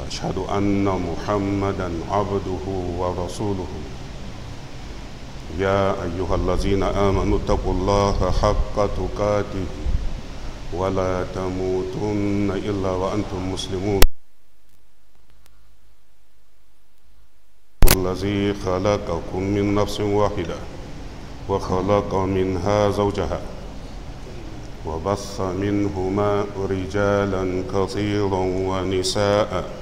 واشهد ان محمدا عبده ورسوله يا ايها الذين امنوا اتقوا الله حق تقاته ولا تموتن الا وانتم مسلمون الذي خلقكم من نفس واحده وخلق منها زوجها وبث منهما رجالا كثيرا ونساء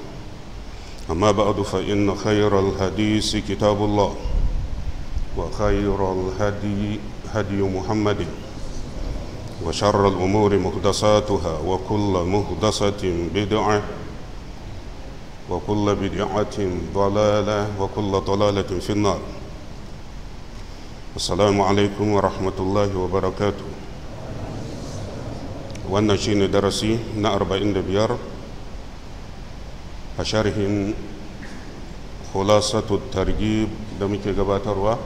أما بعد فإن خير الحديث كتاب الله وخير الهدي هدي محمد وشر الأمور مهدساتها وكل مهدسة بدعة وكل بدعة ضلالة وكل ضلالة في النار السلام عليكم ورحمة الله وبركاته شين درسي darasi na 45 a sharhin khulasatu targhib da muke gabatarwa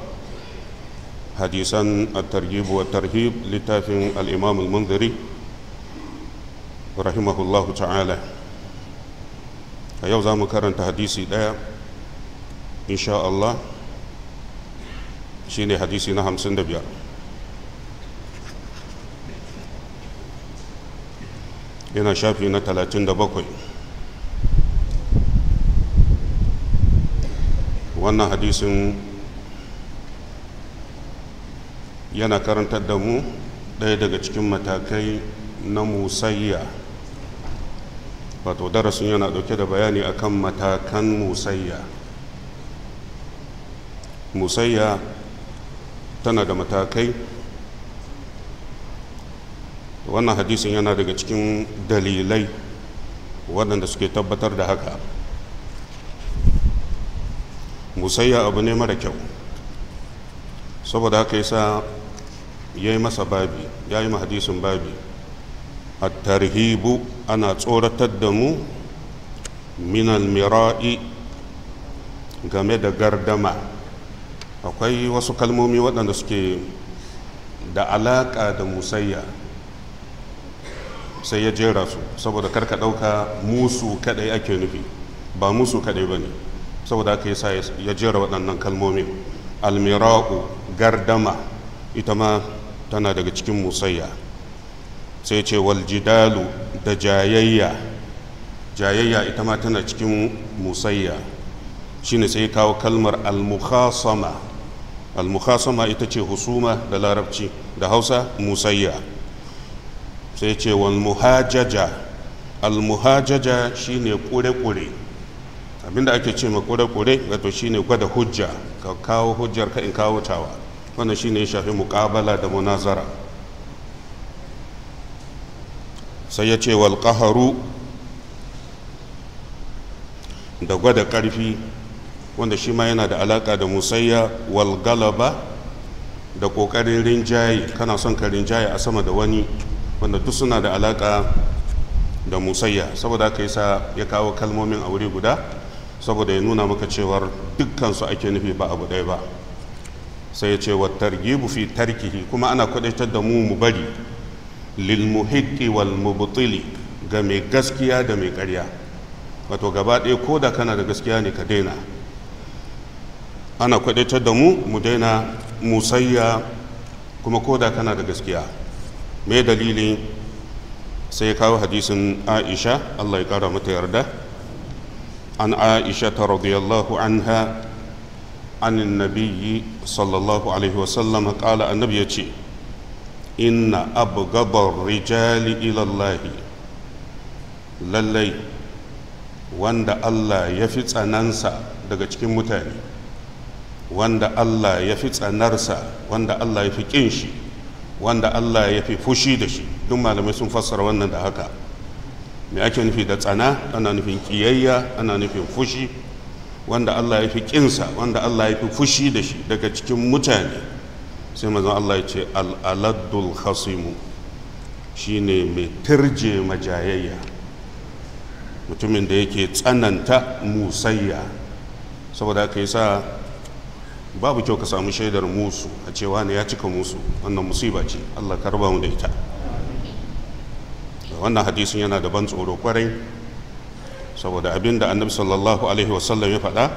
hadisan at-targhib wa tarhib littafin al-imam al-munziri rahimahullahu ta'ala a yau za mu karanta hadisi daya insha Allah shine hadisi na 55 yana shafi na 37 wannan hadisin yana karantar da mu ɗaya daga cikin matakai na musayya wato darasin yana ɗauke da bayani akan matakan musayya musayya tana da matakai wannan hadisin yana daga cikin dalilai waɗanda suke tabbatar da haka musayya abu ne mara kyau saboda haka yasa ya yi masa babi ya yi hadisin babi a tarhibu ana tsoratar da mu minal mira'i game da gardama akwai wasu kalmomi waɗanda suke da alaƙa da musayya sai ya jera su saboda karka ɗauka musu kaɗai ake nufi ba musu kaɗai ba ne saboda aka yi sa ya jera waɗannan kalmomi. almira'u gardama ita ma tana daga cikin musayya sai ce waljidalu da jayayya jayayya ita ma tana cikin musayya shine sai kawo kalmar almukhasama almukhasama ita ce husuma da larabci da hausa musayya sai ce walmuhajaja almuhajaja shine ƙure kure abinda ake ce ma kure-kure wato shine gwada hujja ka kawo hujjar ka in kawo tawa wannan shine ya shafi muƙabala da munazara sai ya ce wal da gwada ƙarfi wanda shi ma yana da alaƙa da musayya wal galaba da ƙoƙarin rinjaye kana son ka rinjaye a sama da wani wanda duk suna da alaka da musayya saboda haka sa ya kawo kalmomin a wuri guda saboda ya nuna maka cewar dukkansu ake nufi ba abu ɗaya ba sai ya ce wa targibu fi tarkihi kuma ana kwadaitar da mu mu bari lil muhiqqi wal mubtili ga mai gaskiya da mai ƙarya wato gaba ɗaya ko da kana da gaskiya ne ka daina ana kwadaitar da mu mu daina musayya kuma ko da kana da gaskiya me dalili sai kawo hadisin aisha allah ya ƙara mata yarda عن عائشة رضي الله عنها عن النبي صلى الله عليه وسلم قال النبي إن أبغض الرجال إلى الله للي وند الله يفتس أنانسا دقشك متاني وند الله يفتس أنرسا وند الله يفكينشي وند الله يفي فشيدشي دم على ما يسمى فسر وند هكذا me ake nufi da tsana ana nufin kiyayya ana nufin fushi wanda Allah ya fi kinsa wanda Allah ya fi fushi da shi daga cikin mutane sai mazan Allah ya ce al'aladdul hasimu shi ne mai turje majayayya mutumin da yake tsananta musayya saboda aka yi sa babu kyau ka samu shaidar musu a cewa ne ya cika musu wannan musiba ce Allah karba mu da ita wannan hadisin yana da ban tsoro kwarai saboda abin da annabi sallallahu alaihi wasallam ya faɗa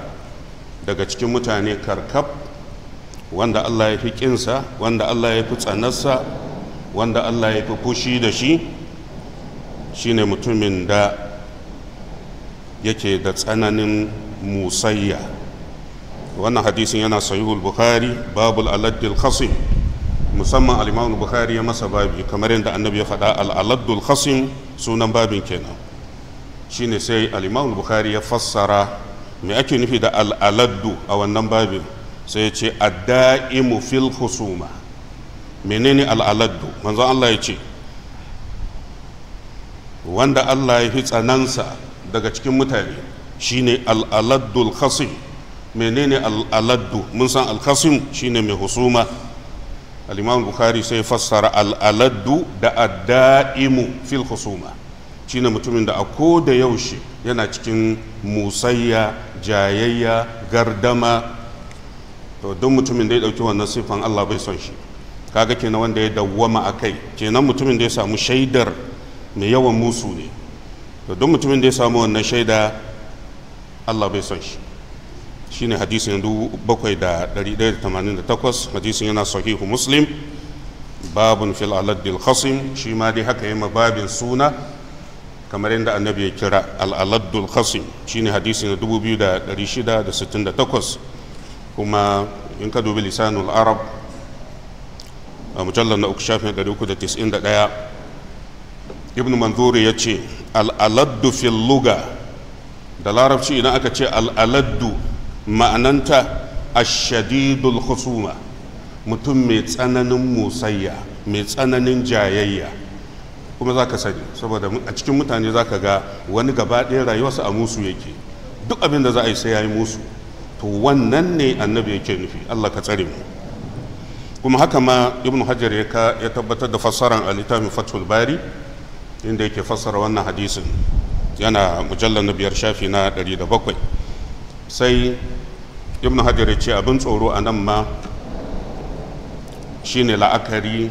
daga cikin mutane karkab wanda allah ya fi ƙinsa wanda allah ya fi tsanarsa wanda allah ya fi fushi da shi shine mutumin da yake da tsananin musayya wannan hadisin yana sahihul bukhari babul aladdil khasim musamman al-Imam Bukhari ya masa babi kamar yadda annabi ya faɗa alaladdul aladdul khasim sunan babin kenan shine sai al-Imam Bukhari ya fassara me ake nufi da al'aladdu a wannan babin sai ya ce ad-da'imu fil khusuma menene al-aladdu Allah ya ce wanda Allah ya fi tsanansa daga cikin mutane shine al khasim menene alaladdu mun san al-khasim shine mai husuma al-imam bukhari sai fassara al'aladdu da adda'imu fil husuma shine mutumin da a ko da yaushe yana cikin musayya jayayya gardama to don mutumin da ya dauki wannan siffan Allah bai son shi kaga kenan wanda ya dawwama a kai kenan mutumin da ya samu shaidar mai yawan musu ne to don mutumin da ya samu wannan shaida Allah bai son shi shine hadisin dubu bakwai da da da tamanin takwas hadisin yana sahihu muslim babun fil aladdil khasim shi ma dai haka ma babin suna kamar yadda annabi ya kira al-aladdul khasim shine hadisin takwas kuma in ka dubi lisanul arab a mujallar na uku shafin ɗaya ibn manzuri ya ce al'addu fil luga da larabci idan aka ce al'addu. ma'ananta ashadidul husuma mutum mai tsananin musayya mai tsananin jayayya kuma za ka sani saboda a cikin mutane za ka ga wani gaba ɗaya rayuwarsa a musu yake duk abin da za a yi sai ya yi musu to wannan ne annabi yake nufi allah ka tsare mu kuma haka ma ibn hajar ya tabbatar da fassaran a littafin fatul bari inda yake fassara wannan hadisin yana mujallar na biyar shafi na 107 sai ibn hajar ce abin tsoro a nan ma shine la'akari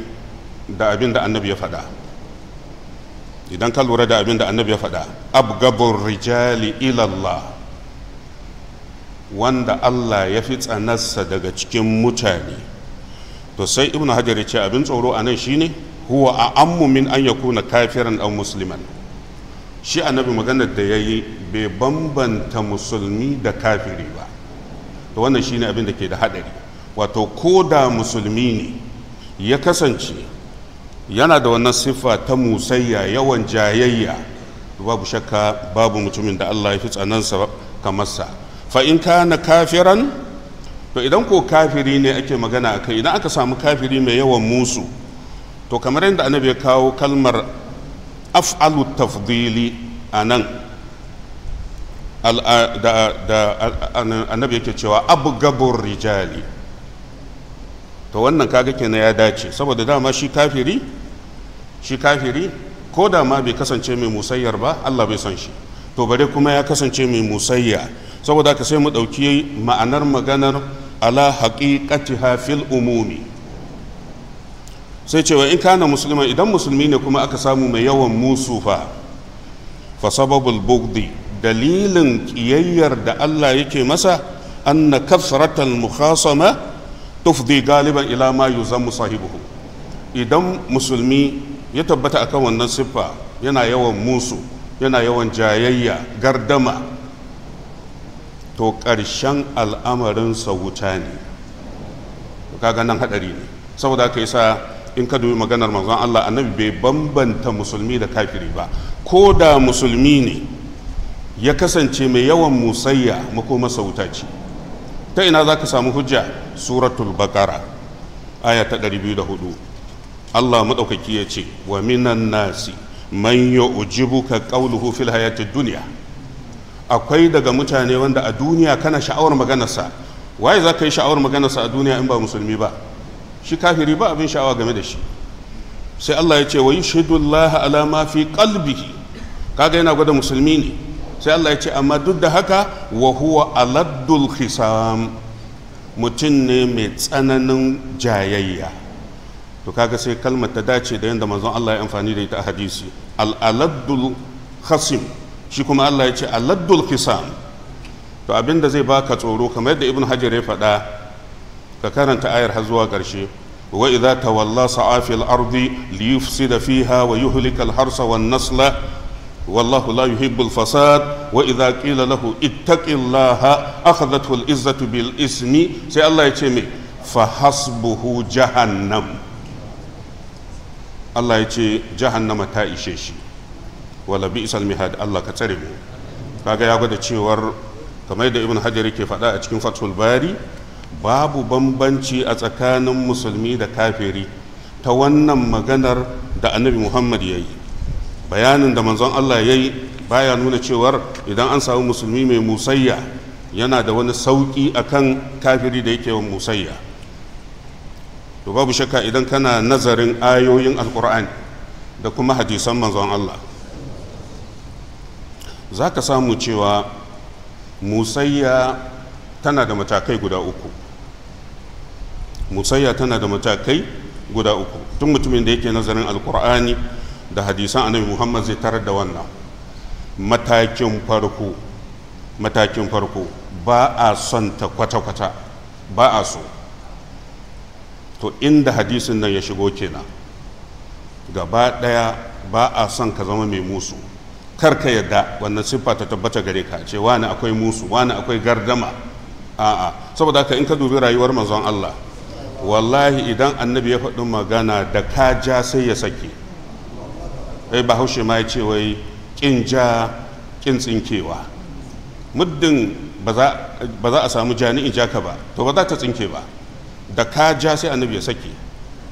da abin da annabi ya faɗa idan ka lura da abin da annabi ya faɗa abgabun rijali ilallah wanda allah ya fi tsanarsa daga cikin mutane to sai ibn hajar ce abin tsoro a nan ne, huwa a ammu min an yakuna kafiran aw musulman, shi annabi maganar da ya yi bai bambanta musulmi da kafiri ba to wannan shine abin da ke da haɗari wato ko da musulmi ne ya kasance yana da wannan siffa ta musayya yawan jayayya babu shakka babu mutumin da Allah ya fi tsanansa kamar sa fa in kana kafiran to idan ko kafiri ne ake magana akai idan aka samu kafiri mai yawan musu to kamar yadda annabi ya kawo kalmar af'alu tafdili anan da annabi yake cewa abu gabur rijali to wannan kaga kenan ya dace saboda dama shi kafiri shi kafiri ko da ma bai kasance mai musayyar ba Allah bai son shi to bare kuma ya kasance mai musayya saboda ka sai mu ɗauki ma'anar maganar ala haƙiƙati fil umumi sai cewa in kana musulman idan musulmi ne kuma aka samu mai yawan musu fa fa sababul bugdi dalilin kiyayyar da Allah yake masa anna kasratal mukhasama tufdi galiban ila ma yuzammu sahibuhu idan musulmi ya tabbata akan wannan siffa yana yawan musu yana yawan jayayya gardama to ƙarshen al'amarinsa wuta ne kaga nan haɗari ne saboda haka yasa in ka dubi maganar manzon Allah annabi bai bambanta musulmi da kafiri ba ko da musulmi ne ya kasance mai yawan musayya makoma sauta ce ta ina za ka samu hujja suratul bakara aya ta 204 Allah maɗaukaki ya ce wa minan nasi man yu'jibuka qawluhu fil hayatid duniya akwai daga mutane wanda a duniya kana sha'awar maganarsa waye za ka yi sha'awar maganarsa a duniya in ba musulmi ba shi kafiri ba abin sha'awa game da shi sai Allah ya ce wa yushhidullah ala ma fi qalbihi kaga yana gwada musulmi ne sai Allah ya ce amma duk da haka wa huwa aladdul khisam mutum ne mai tsananin jayayya to kaga sai kalmar ta dace da yadda manzon Allah ya amfani da ita a hadisi al aladdul khasim shi kuma Allah ya ce aladdul khisam to abinda zai baka tsoro kamar yadda ibn hajar ya faɗa ka karanta ayar har zuwa ƙarshe wa idza tawalla sa'afil arzi ardi da fiha wa yuhlikal harsa wan nasla والله لا يحب الفساد وإذا قيل له اتق الله أخذته العزة بالإسم سي الله يتشمي فحسبه جهنم الله يتشي جهنم تائشيشي ولا بئس المهاد الله كترم kaga ya gwada cewar kamar da ibn hajar ke faɗa a cikin fathul bari babu bambanci a tsakanin musulmi da kafiri ta wannan maganar da annabi muhammad ya yi bayanin da manzon Allah ya yi baya nuna cewar idan an samu musulmi mai musayya yana da wani sauƙi a kan kafiri da yake wa musayya to babu shakka idan kana nazarin ayoyin alkur'ani da kuma hadisan manzon Allah za ka samu cewa musayya tana da matakai guda uku musayya tana da matakai guda uku tun mutumin da yake nazarin alkur'ani da hadisan annabi muhammad zai tarar da wannan matakin farko matakin farko ba a son ta kwata-kwata ba a so to inda hadisin nan ya shigo kenan gaba ɗaya ba a son ka zama mai musu kar ka yadda wannan siffa ta tabbata gare ka ce wani akwai musu wani akwai gardama a'a saboda haka in ka dubi rayuwar manzon Allah wallahi idan annabi ya faɗi magana da ka ja sai ya sake ai bahaushe ma ya ce wai kin ja kin tsinkewa muddin ba za a samu jani'in jaka ba to ba za ta tsinke ba da ka ja sai annabi ya sake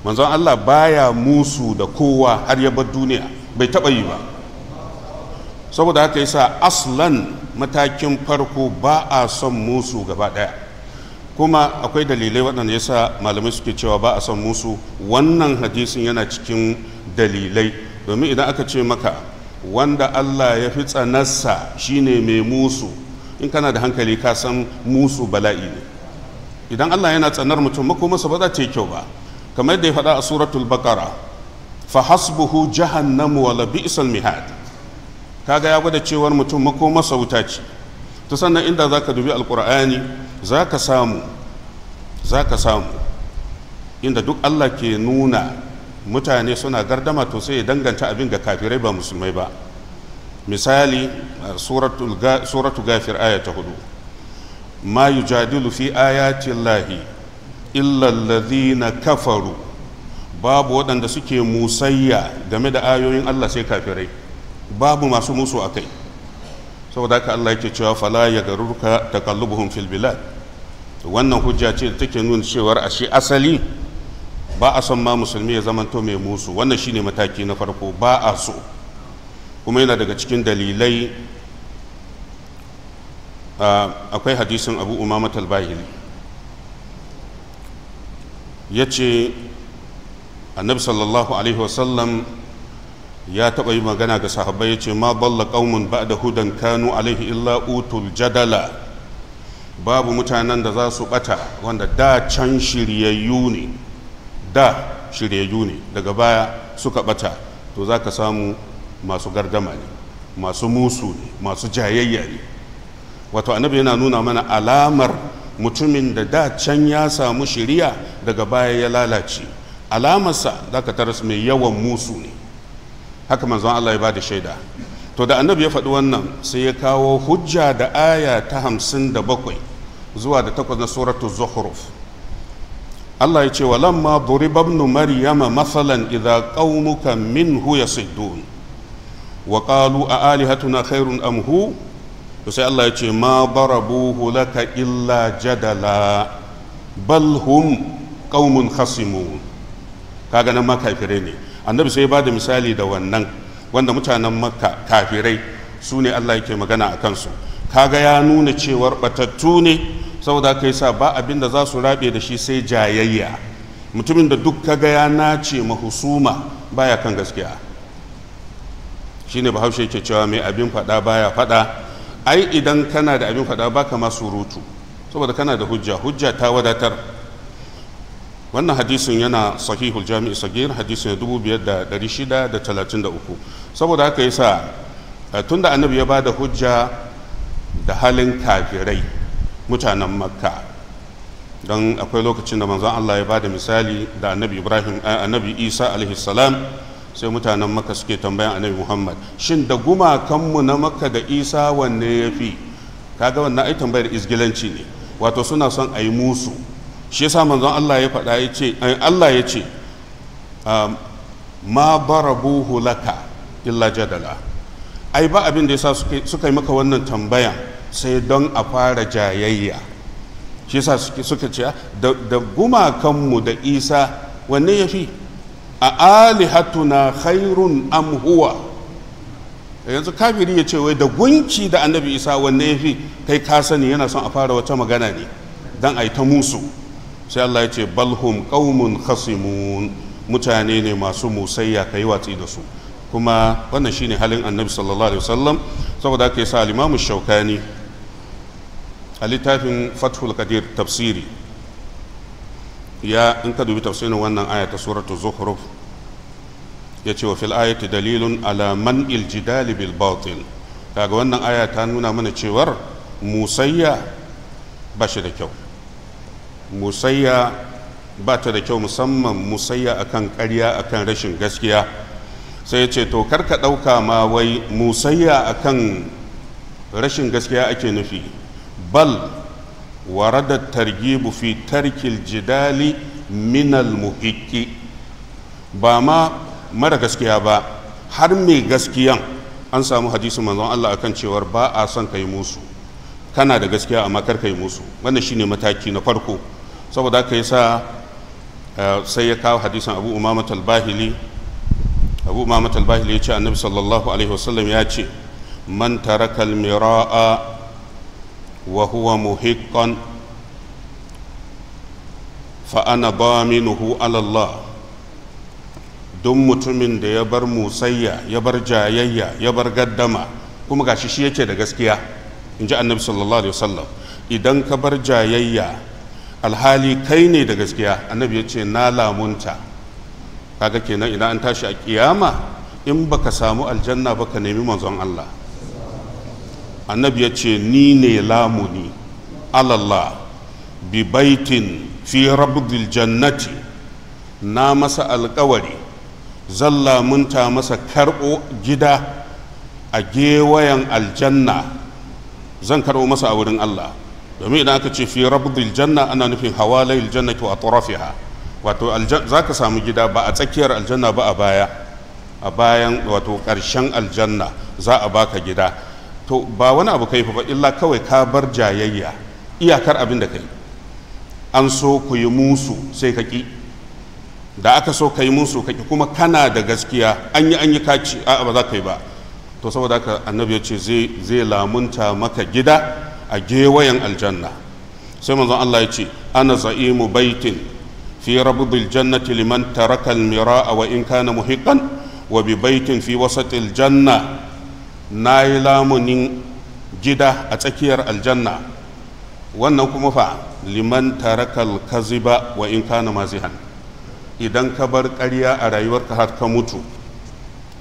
manzon Allah baya musu da kowa har ya bar duniya bai taba yi ba saboda haka yasa aslan matakin farko ba a son musu gaba ɗaya kuma akwai dalilai waɗanda ya sa malamai suke cewa ba a son musu wannan hadisin yana cikin dalilai domin idan aka ce maka wanda Allah ya fi tsanarsa shine mai musu in kana da hankali ka san musu bala'i ne idan Allah yana tsanar mutum makomarsa ba za ta yi kyau ba kamar yadda ya faɗa a suratul bakara fa hasbuhu jahannamu wa labi'sal mihad kaga ya gwada cewar mutum makomarsa wuta ce ta sannan inda zaka dubi alqur'ani zaka samu zaka samu inda duk Allah ke nuna mutane suna gardama to sai ya danganta abin ga kafirai ba musulmai ba misali suratu gafir aya ta hudu ma jadilu fi ayatillahi illallazi na kafaru babu waɗanda suke musayya game da ayoyin Allah sai kafirai babu masu musu a kai saboda haka Allah yake cewa fala ya garurka takallubuhum fil bilad wannan hujja ce da take nuna cewar ashe asali ba a son ma musulmi ya zamanto mai musu wannan shine mataki na farko ba a so kuma yana daga cikin dalilai akwai hadisin abu umama talbahil ya ce annabi sallallahu alaihi wasallam ya taɓa yi magana ga sahabbai ya ce ma balla ƙaumun ba da hudan kanu alaihi illa utul jadala babu mutanen da za su ɓata wanda da can shiryayyu ne da shiryayyu ne daga baya suka bata to za ka samu masu gardama ne masu musu ne masu jayayya ne wato annabi yana nuna mana alamar mutumin da da can ya samu shiriya daga baya ya lalace alamarsa za ka taras mai yawan musu ne haka manzon Allah ya ba da shaida to da annabi ya faɗi wannan sai ya kawo hujja da aya ta hamsin da bakwai zuwa da takwas na suratul zuhruf Allah ya ce walamma duriba ibn maryama masalan idza qaumuka minhu yasiddun wa qalu a alihatuna khairun am hu to sai Allah ya ce ma darabuhu laka illa jadala bal hum qaumun khasimun kaga nan maka kafirai ne annabi sai ba da misali da wannan wanda mutanen makka kafirai su ne Allah yake magana a kansu kaga ya nuna cewar batattu ne saboda yi sa ba abin da za su rabe da shi sai jayayya mutumin da duk kaga ya nace mahusuma baya kan gaskiya shine bahaushe ke cewa mai abin fada baya fada ai idan kana da abin fada baka ma surutu saboda kana da hujja hujja ta wadatar wannan hadisin yana sahihul jami'i sagir hadisin uku saboda haka yasa eh, da annabi ya ba da hujja da halin kafirai mutanen makka don akwai lokacin da manzon Allah ya ba da misali da annabi ibrahim eh, annabi isa alaihi salam sai mutanen makka suke tambayan annabi muhammad shin da gumakanmu na makka da isa wanne ya fi kaga wannan ai tambayar izgilanci ne wato suna son a yi musu shi yasa manzon Allah ya faɗa ya ce eh, Allah ya ce ma barabuhu laka illa jadala ai ba abin da yasa suka yi maka wannan tambayan sai don a fara jayayya shi sa suka ce da gumakanmu da isa wanne ya fi a alihatuna khairun Amhuwa yanzu kafiri ya ce wai da gunki da annabi isa wanne ya fi kai ka sani yana son a fara wata magana ne don a yi ta musu sai allah ya ce balhum qaumun khasimun mutane ne masu musayya ka yi watsi da su kuma wannan shine halin annabi sallallahu alaihi wasallam saboda aka yasa al shaukani a littafin fathul kadir tafsiri ya in ka dubi tafsirin wannan aya ta suratu zuhruf ya ce wa fil ayati dalilun ala man iljidali bil batil kaga wannan aya ta nuna mana cewar musayya ba shi da kyau musayya ba ta da kyau musamman musayya akan ƙarya akan rashin gaskiya sai ya ce to karka ɗauka ma wai musayya akan rashin gaskiya ake nufi bal warada targibu fi tarkil jidali minal muhiki ba ma mara gaskiya ba har mai gaskiyan an samu hadisin manzon Allah akan cewar ba a son kai musu kana da gaskiya amma kar kai musu wannan shine mataki na farko saboda haka yasa sai ya kawo hadisin Abu Umama al-Bahili Abu Umama al-Bahili ya ce Annabi sallallahu alaihi wasallam ya ce man taraka al-mira'a wa huwa muhiqqan fa ana daminuhu ala Allah duk mutumin da ya bar musayya ya bar jayayya ya bar gaddama kuma gashi shi yake da gaskiya in ji annabi sallallahu alaihi wasallam idan ka bar jayayya alhali kai ne da gaskiya annabi ya ce na lamunta kaga kenan idan an tashi a kiyama in baka samu aljanna ba ka nemi manzon Allah annabi ya ce ni ne lamuni alallah bi baitin fi rabdil jannati na masa alkawari zan lamunta masa karɓo gida a gewayen aljanna zan karɓo masa a wurin Allah domin idan aka ce fi rabdil janna ana nufin hawalai aljannati wa atrafiha wato za ka samu gida ba a tsakiyar aljanna ba a baya a bayan wato ƙarshen aljanna za a baka gida to ba wani abu kai fa illa kawai ka bar jayayya iyakar abin da kai an so ku yi musu sai ka ki da aka so ka yi musu ka ki kuma kana da gaskiya an yi an yi kaci a ba za ka yi ba to saboda haka annabi ya ce zai lamunta maka gida a gewayen aljanna sai manzon Allah ya ce ana za'imu baitin fi rabbil jannati liman taraka al-mira'a wa in kana muhiqqan wa bi baitin fi wasatil janna na yi lamunin gida a tsakiyar aljanna wannan kuma fa liman tarakal kaziba wa in kana mazihan idan ka bar karya a rayuwarka har ka mutu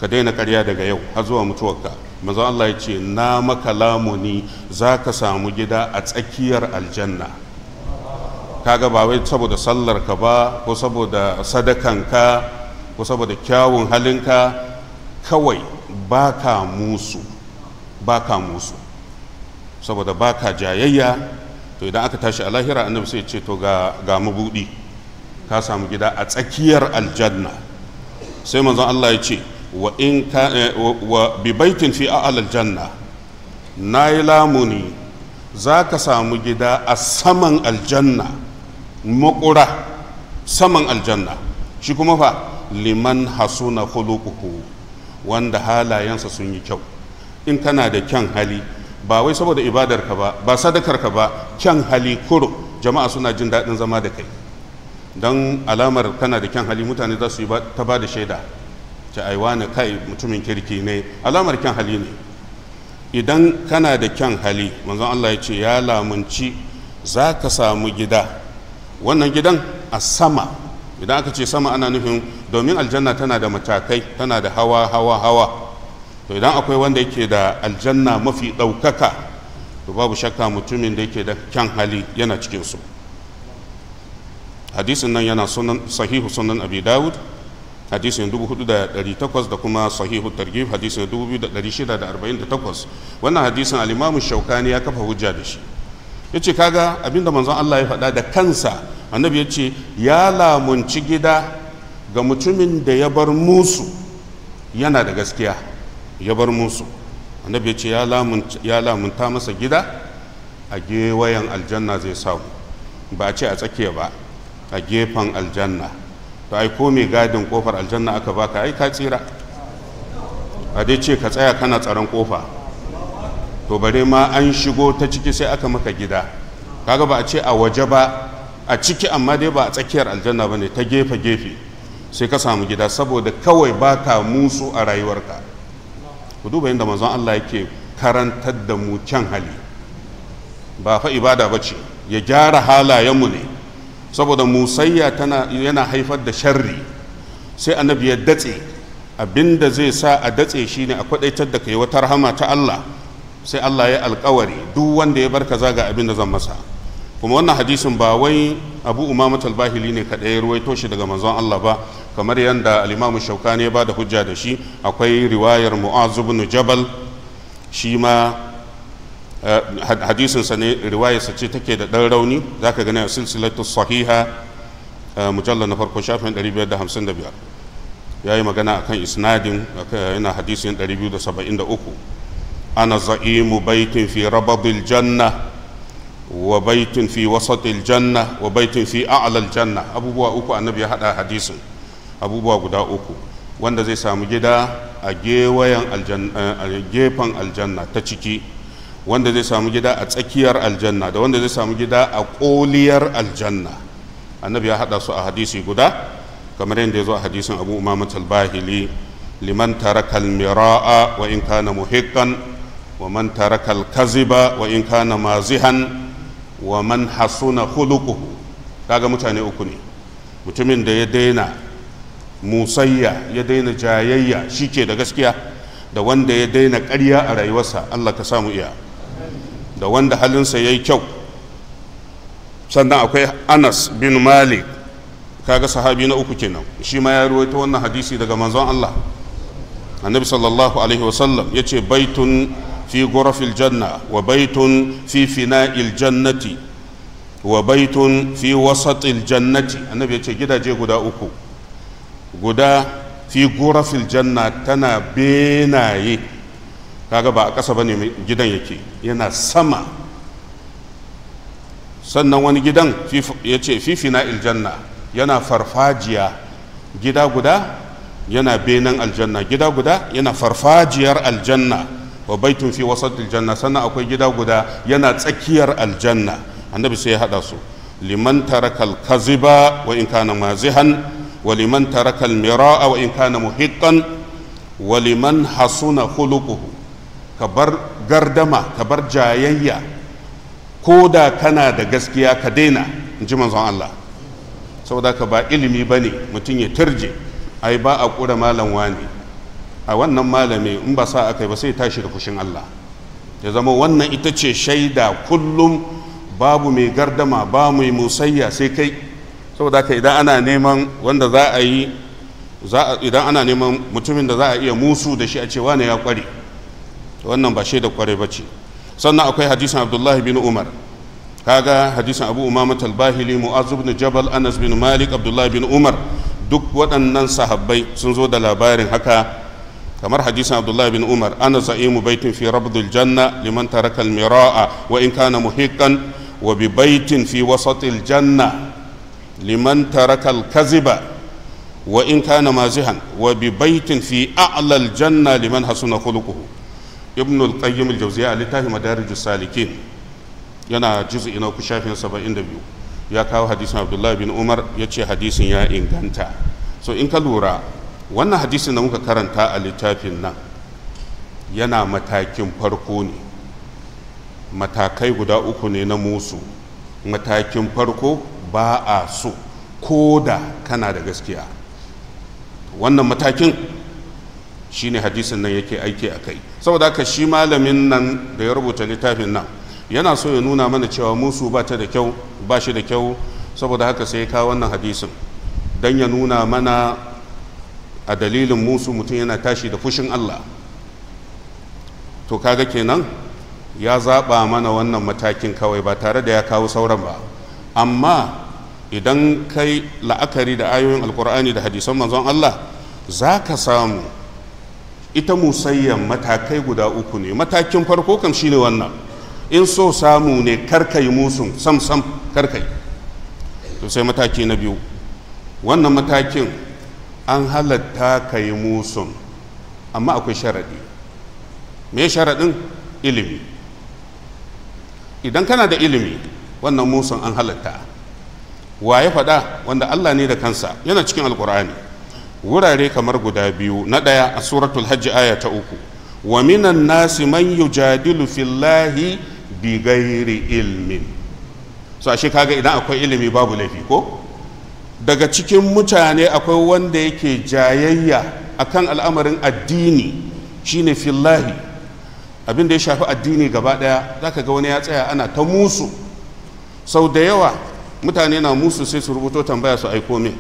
ka daina karya daga yau har zuwa mutuwarka maza Allah ya ce na maka lamuni za ka samu gida a tsakiyar aljanna kaga ba wai saboda sallar ka ba ko saboda sadakanka ko saboda kyawun halinka kawai baka musu baka musu saboda baka jayayya to idan aka tashi a lahira annabi sai ce to ga ga mabudi ka samu gida a tsakiyar aljanna sai manzon Allah ya ce wa in ka eh, wa bi baitin fi aljanna nayi lamuni za ka samu gida a saman aljanna makura saman aljanna shi kuma fa liman hasuna khuluquhu wanda halayensa sun yi kyau in kana da kyan hali ba wai saboda ibadarka ba ba sadakarka ba kyan hali kuro jama'a suna jin daɗin zama da kai don alamar kana da kyan hali mutane za su yi ta ba da shaida ta aiwa na kai mutumin kirki ne alamar kyan hali ne idan kana da kyan hali manzon Allah ya ce ya lamunci za ka samu gida wannan gidan a sama idan aka ce sama ana nufin domin aljanna tana da matakai tana da hawa hawa hawa to idan akwai wanda yake da aljanna mafi ɗaukaka to babu shakka mutumin da yake da kyan hali yana cikinsu hadisin nan yana sunan sahihu sunan abi dawud hadisin 4,800 da kuma sahihu targif hadisin 2,648 wannan hadisin alimamu shaukani ya kafa hujja da shi ya ce kaga abinda manzon Allah ya faɗa da kansa annabi ya ce ya lamunci gida ga mutumin da ya bar musu yana da gaskiya ya bar musu annabi ya ce ya lamunta masa gida a gewayen aljanna zai samu ba a ce a tsakiya ba a gefen aljanna to ai ko mai gadin kofar aljanna aka baka ai ka tsira a dai ce ka tsaya kana tsaron kofa to bare ma an shigo ta ciki sai aka maka gida kaga ba a ce a waje ba a ciki amma dai ba a tsakiyar aljanna ba ne ta gefe-gefe sai ka samu gida saboda kawai ba ka musu a rayuwarka ku duba yadda manzon Allah yake karantar da mu kyan hali ba fa ibada ba ce ya gyara halayenmu ne saboda musayya tana yana haifar da sharri sai annabi ya datse abinda zai sa a datse shine a kwadaitar da kai wata rahama ta Allah sai Allah ya alkawari duk wanda ya barka zaga abin da zan masa kuma wannan hadisin ba wai abu umama talbahili ne kaɗai ya ruwaito shi daga manzon Allah ba kamar yadda alimamu shauka ne ba da hujja da shi akwai riwayar mu'azu bin jabal shi ma eh, hadisinsa ne riwayarsa ce take da ɗan rauni za ka gani a silsilatu sahiha eh, mujallar na farko shafin 555 ya yi magana akan isnadin yana hadisin 273 ana za'imu baitin fi rababil janna wa baitun fi wasatil janna wa baitun fi a'lal janna abubuwa uku annabi ya hada hadisin abubuwa guda uku wanda zai samu gida eh, a gefen aljanna ta ciki wanda zai samu gida a tsakiyar aljanna da wanda zai samu gida a koliyar aljanna annabi ya hada su a hadisi guda kamar yadda ya zo a hadisin abu umama talbahili liman tarakal almira'a wa in kana muhiqqan wa man taraka alkaziba wa in kana mazihan wa man hasuna huluku kaga mutane uku ne mutumin da ya daina musayya ya daina jayayya shi ke da gaskiya da wanda ya daina karya a rayuwarsa allah ka samu iya da wanda halinsa ya yi kyau sannan akwai anas bin malik kaga sahabi na uku kenan shi ma ya ta wannan hadisi daga manzon allah annabi sallallahu alaihi wasallam ya ce baitun fi ghurafil janna wa baitun fi fina'il jannati wa baitun fi wasatil jannati annabi ya ce gidaje guda uku guda fi ghurafil janna tana benaye kaga ba a ƙasa bane gidan yake yana sama sannan wani gidan ya ce fi fina'il janna yana farfajiya gida guda yana benan aljanna gida guda yana farfajiyar aljanna wa baitun fi wasatil janna sannan akwai gida guda yana tsakiyar aljanna annabi sai ya hada su liman tarakal kaziba wa in kana mazihan wa liman tarakal mira'a wa in kana muhiqqan wa liman hasuna khuluquhu ka bar gardama ka bar jayayya ko da kana da gaskiya ka daina in ji manzon Allah saboda ka ba ilimi bane mutum ya turje ai ba a kura malam wani a wannan malami in ba sa aka yi ba sai tashi da fushin Allah ya zama wannan ita ce shaida kullum babu mai gardama ba mai musayya sai kai saboda haka idan ana neman wanda za a yi idan ana neman mutumin da za a iya musu da shi a cewa ne ya kware wannan ba shaida kware ba ce sannan akwai hadisin abdullahi bin umar kaga hadisin abu umama talbahili mu'azu bin jabal anas bin malik abdullahi bin umar duk waɗannan sahabbai sun zo da labarin haka kamar hadisin abdullahi bin umar ana za'imu baitin fi rabdul janna liman taraka miraa wa in kana muhiqqan wa bi baitin fi wasatil janna liman kaziba wa in kana mazihan wa bi baitin fi a'la al-janna liman hasuna khuluquhu ibn al-qayyim al al-tahi salikin yana juz'i na ku shafin 72 ya kawo hadisin abdullahi bin umar yace hadisin ya inganta so in ka lura wannan hadisin da muka karanta a littafin nan yana matakin farko ne matakai guda uku ne na musu matakin farko ba a so ko da kana da gaskiya wannan matakin shi ne hadisin nan yake aiki a kai saboda haka shi malamin nan da ya rubuta littafin nan yana so ya nuna mana cewa musu ba ta da kyau ba shi da kyau saboda haka sai ya kawo wannan hadisin don ya nuna mana a dalilin musu mutum yana tashi da fushin Allah to kaga kenan ya zaɓa mana wannan matakin kawai ba tare da ya kawo sauran ba amma idan kai la'akari da ayoyin alkur'ani da hadisan manzon Allah za ka samu ita musayyan matakai guda uku ne matakin farko kam shine wannan in so samu ne karkai musun sam sam karkai to sai mataki na biyu wannan matakin an halatta ka yi musun amma akwai sharaɗi me sharaɗin ilimi idan kana da ilimi wannan musun an halatta wa ya faɗa wanda allah ne da kansa yana cikin alkur'ani wurare kamar guda biyu na ɗaya a suratul hajji aya ta uku wa minan nasi man yujadilu fillahi bi gairi ilmin so ashe kaga idan akwai ilimi babu laifi ko daga cikin mutane akwai wanda yake jayayya akan al'amarin addini shine fillahi abin da ya shafi addini gaba daya zaka ga wani ya tsaya ana ta musu sau da yawa mutane na musu sai su rubuto tambaya su aiko min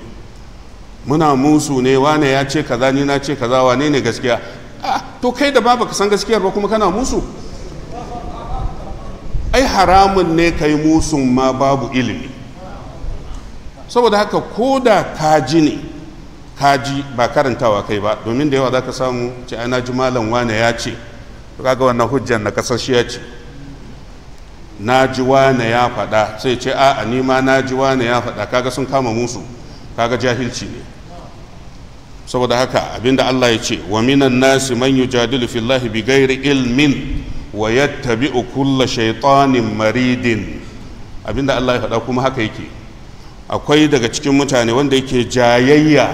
muna musu ne wane ya ce kaza ni na ce kaza wane ne gaskiya to kai da babu ka san gaskiyar ba kuma kana musu ai haramun ne kai musun ma babu ilimi saboda haka ko da kaji ne kaji ba karantawa kai ba domin da yawa za ka samu ce ana ji malam wane ya ce kaga wannan hujjan na ya ce na ji wane ya faɗa sai ce a'a ni ma na ji wane ya faɗa kaga sun kama musu kaga jahilci ne saboda haka abinda Allah ya ce wa minan nasi man yujadilu fillahi bi gairi ilmin wa yattabi'u kulla shaytanin maridin abinda Allah ya faɗa kuma haka yake akwai daga cikin mutane wanda yake jayayya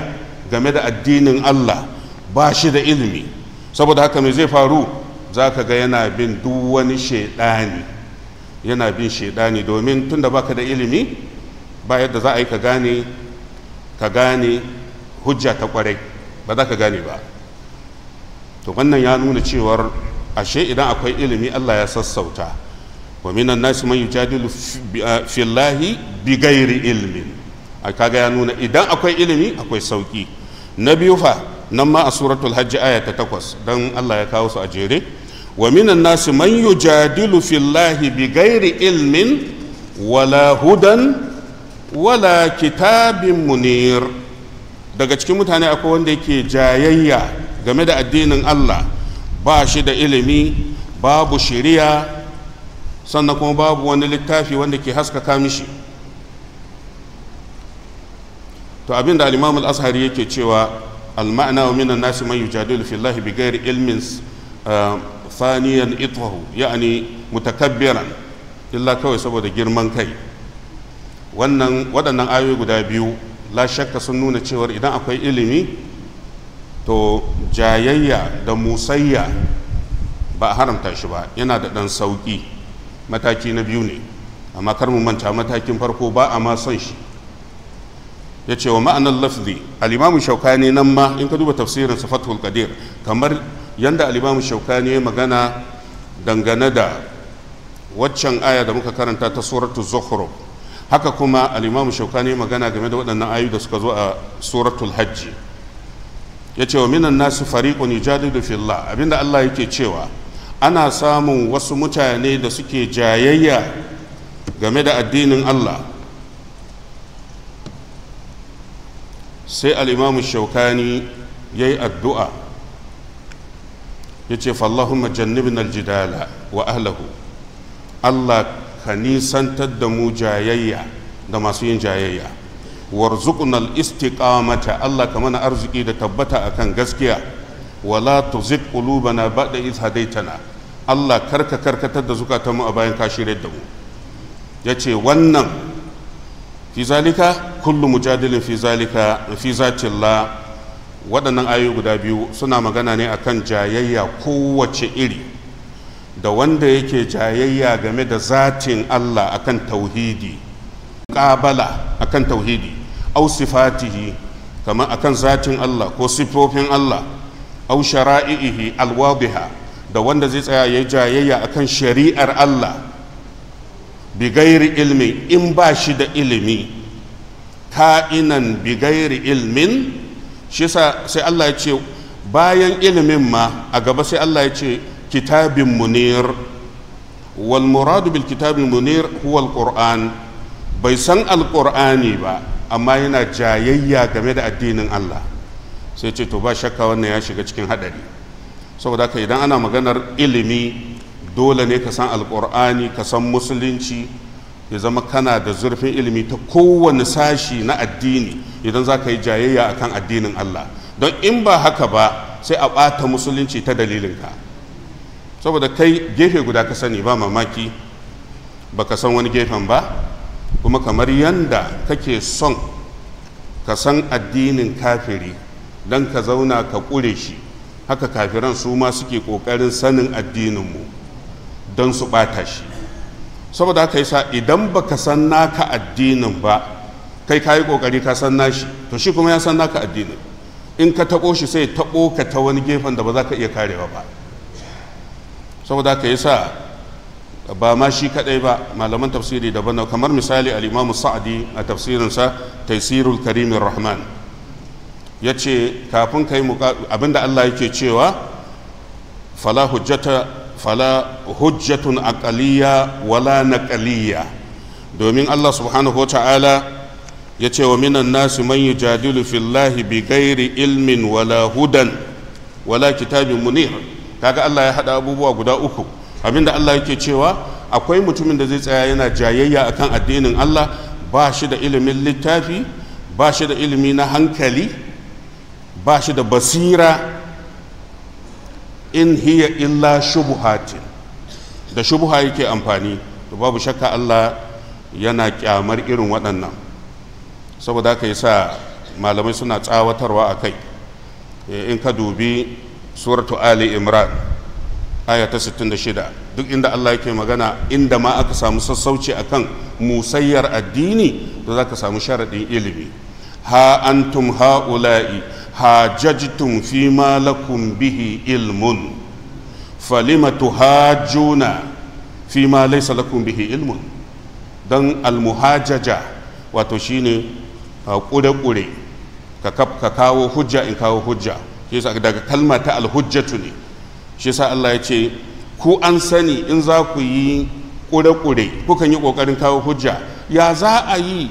game da addinin Allah ba shi da ilimi saboda haka mai zai faru za ka ga yana bin duk wani shaidani yana bin shaidani domin tunda baka da ilimi ba yadda za a yi ka gane ka gane hujja ta kwarai ba za ka gane ba to wannan ya nuna cewar ashe idan akwai ilimi Allah ya sassauta wa minan nasi man yujadilu fillahi bi ghairi ilmin kaga ya nuna idan akwai ilimi akwai sauki na biyu fa nan ma a suratul hajji aya ta takwas don Allah ya kawo su a jere wa minan nasi man yujadilu fillahi bi ghairi ilmin wala hudan wala kitabin munir daga cikin mutane akwai wanda yake jayayya game da addinin Allah ba shi da ilimi babu shiriya sannan kuma babu wani littafi wanda ke haskaka mishi to abin da al-imam al-azhari yake cewa al-ma'na wa minan nasi man yujadilu fi Allah bi ghairi ilmin faniyan eh, itahu ya'ani mutakabbiran illa kawai saboda girman kai wannan waɗannan ayoyi guda biyu la shakka sun nuna cewar idan akwai ilimi to jayayya da musayya ba haramta shi ba yana da ɗan sauƙi mataki na biyu ne amma kar mu manta matakin farko ba a ma son shi ya ce wa ma'anar lafzi alimamu shaukani nan ma in ka duba tafsirin safatul qadir kamar yadda alimamu shaukani ya magana dangane da waccan aya da muka karanta ta suratul zukhruf haka kuma alimamu shaukani magana game da waɗannan ayu da suka zo a suratul hajji ya ce wa minan nasu fariqun yujadidu fillah abinda Allah yake cewa ana samun wasu mutane da suke jayayya game da addinin Allah sai al'imamu shaukani ya yi addu'a ya ce fallahumma jannibin aljidala wa ahlahu Allah ka nisantar da mu jayayya da masu yin jayayya warzuqnal istiqamata Allah ka mana arziki da tabbata akan gaskiya wala tuzigh qulubana ba'da idh hadaytana Allah karka karkatar da zukatan mu a bayan ka shirya da mu yace wannan fi zalika kullu mujadilin fi zalika fi zatillah waɗannan ayoyi guda biyu suna magana ne akan jayayya kowace iri da wanda yake jayayya game da zatin Allah akan tauhidi ƙabala akan tauhidi au sifatihi kamar akan zatin Allah ko sifofin Allah au shara'ihi alwadiha da wanda zai tsaya ya jayayya akan shari'ar Allah bigairi ilmi in ba shi da ilimi ka'inan bigairi ilmin shi sai Allah ya ce bayan ilimin ma a gaba sai Allah ya ce kitabin munir wal muradu bil kitabin munir huwa alquran bai san alqur'ani ba amma yana jayayya game da addinin Allah sai ce to ba shakka wannan ya shiga cikin hadari saboda haka idan ana maganar ilimi dole ne ka san alkur'ani ka san musulunci ya zama kana da zurfin ilimi ta kowane sashi na addini idan za ka yi jayayya akan addinin Allah don in ba haka ba sai a ɓata musulunci ta dalilinka saboda kai gefe guda ka sani ba mamaki ba ka san wani gefen ba kuma kamar yanda kake son ka san addinin kafiri don ka zauna ka ƙure shi haka kafiran su ma suke ƙoƙarin sanin addininmu don su ɓata shi saboda haka yasa idan ka san naka addinin ba kai ka yi ƙoƙari ka san nashi to shi kuma ya san naka addinin in ka taɓo shi sai taɓo ka ta wani gefen da ba za ka iya karewa ba saboda haka yasa ba ma shi kadai ba malaman tafsiri daban kamar misali al-imamu sa'adi a tafsirinsa taisirul karimin rahman ya ce kafin ka yi abinda Allah yake cewa fala hujjata fala hujjatun aqaliya wala naqaliya domin Allah subhanahu wa ta'ala ya ce wa minan nasu man yi jadilu fillahi bi gairi ilmin wala hudan wala kitabin munir kaga Allah ya haɗa abubuwa guda uku abinda Allah yake cewa akwai mutumin da zai tsaya yana jayayya akan addinin Allah ba shi da ilimin littafi ba shi da ilimi na hankali ba shi da basira in hiya illa shubuhatin da shubuha yake amfani to babu shakka Allah yana kyamar irin waɗannan saboda yi sa malamai suna tsawatarwa a kai eh, in ka dubi suratu ali imran aya ta 66 duk inda Allah yake magana inda ma aka samu sassauci a kan musayyar addini to za ka samu sharaɗin ilimi ha antum haula'i hajajtum fi ma lakum bihi ilmun falima tuhajjuna fi ma laysa bihi ilmun dan almuhajaja wato shine ah, kure-kure ka kawo hujja in kawo hujja shi daga kalma ta alhujjatu ne shi sa Allah ya ce ku an sani in za ku yi kure-kure kukan yi kokarin kawo hujja ya za a yi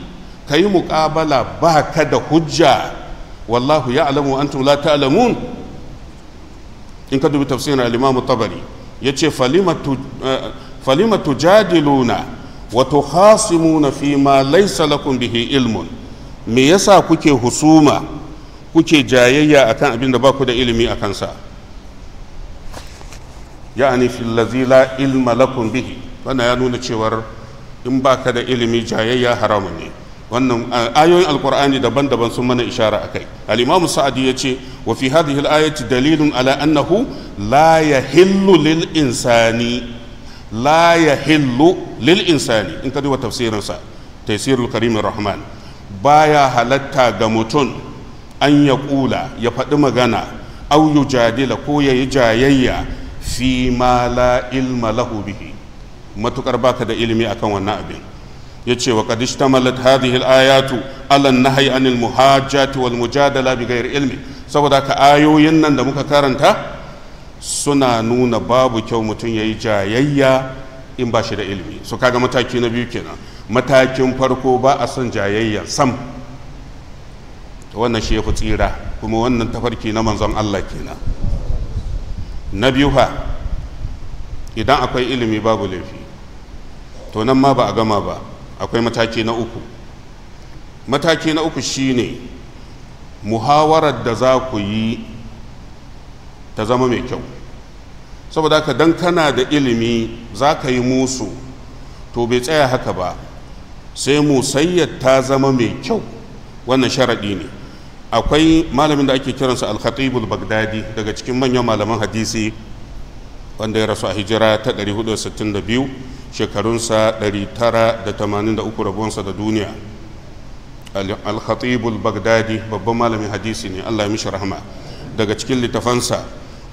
ka yi muƙabala ba ka da hujja wallahu ya'lamu wa antum la ta'lamun in ka dubi tafsirin al tabari yace falimatu eh, falimatu jadiluna wa tukhasimuna fi ma laysa bihi ilmun me yasa kuke husuma kuke jayayya akan abin da ba da ilimi a kansa ya'ani fil la ilma lakum bihi ya nuna cewar in baka da ilimi jayayya haramun ne wannan ayoyin alkur'ani daban-daban sun mana ishara akai al-imamu sa'adi yace wa fi hadhihi al-ayati dalilun ala annahu la yahillu lil insani la yahillu lil insani in ka duba tafsirin sa tafsirul karim rahman baya halatta ga mutum an ya kula ya faɗi magana au yujadila ko yayi jayayya fi ma la ilma lahu bihi matukar baka da ilimi akan wannan abin ce wa qad ishtamalat hadhihi ayatu alan an-nahyi anil muhajjati wal mujadala bighairi ilmi saboda ka ayoyin nan da muka karanta suna nuna babu kyau mutum yayi jayayya in ba shi da ilmi so kaga mataki na biyu kenan matakin farko ba a son jayayya sam wannan fi tsira kuma wannan tafarki na manzon Allah kenan na biyu fa idan akwai ilimi babu laifi to nan ma ba a gama ba akwai mataki na uku mataki na uku shine muhawarar da za ku yi ta zama mai kyau saboda haka dan kana da ilimi za ka yi musu to bai tsaya haka ba sai musayyar ta zama mai kyau wannan sharaɗi ne akwai malamin da ake kiransa su bagdadi daga cikin manyan malaman hadisi wanda ya rasu a hijira ta 462 shekarunsa 983 rabuwansa da duniya al-khatibul bagdadi babban malamin hadisi ne allah ya mishi rahama daga cikin littafansa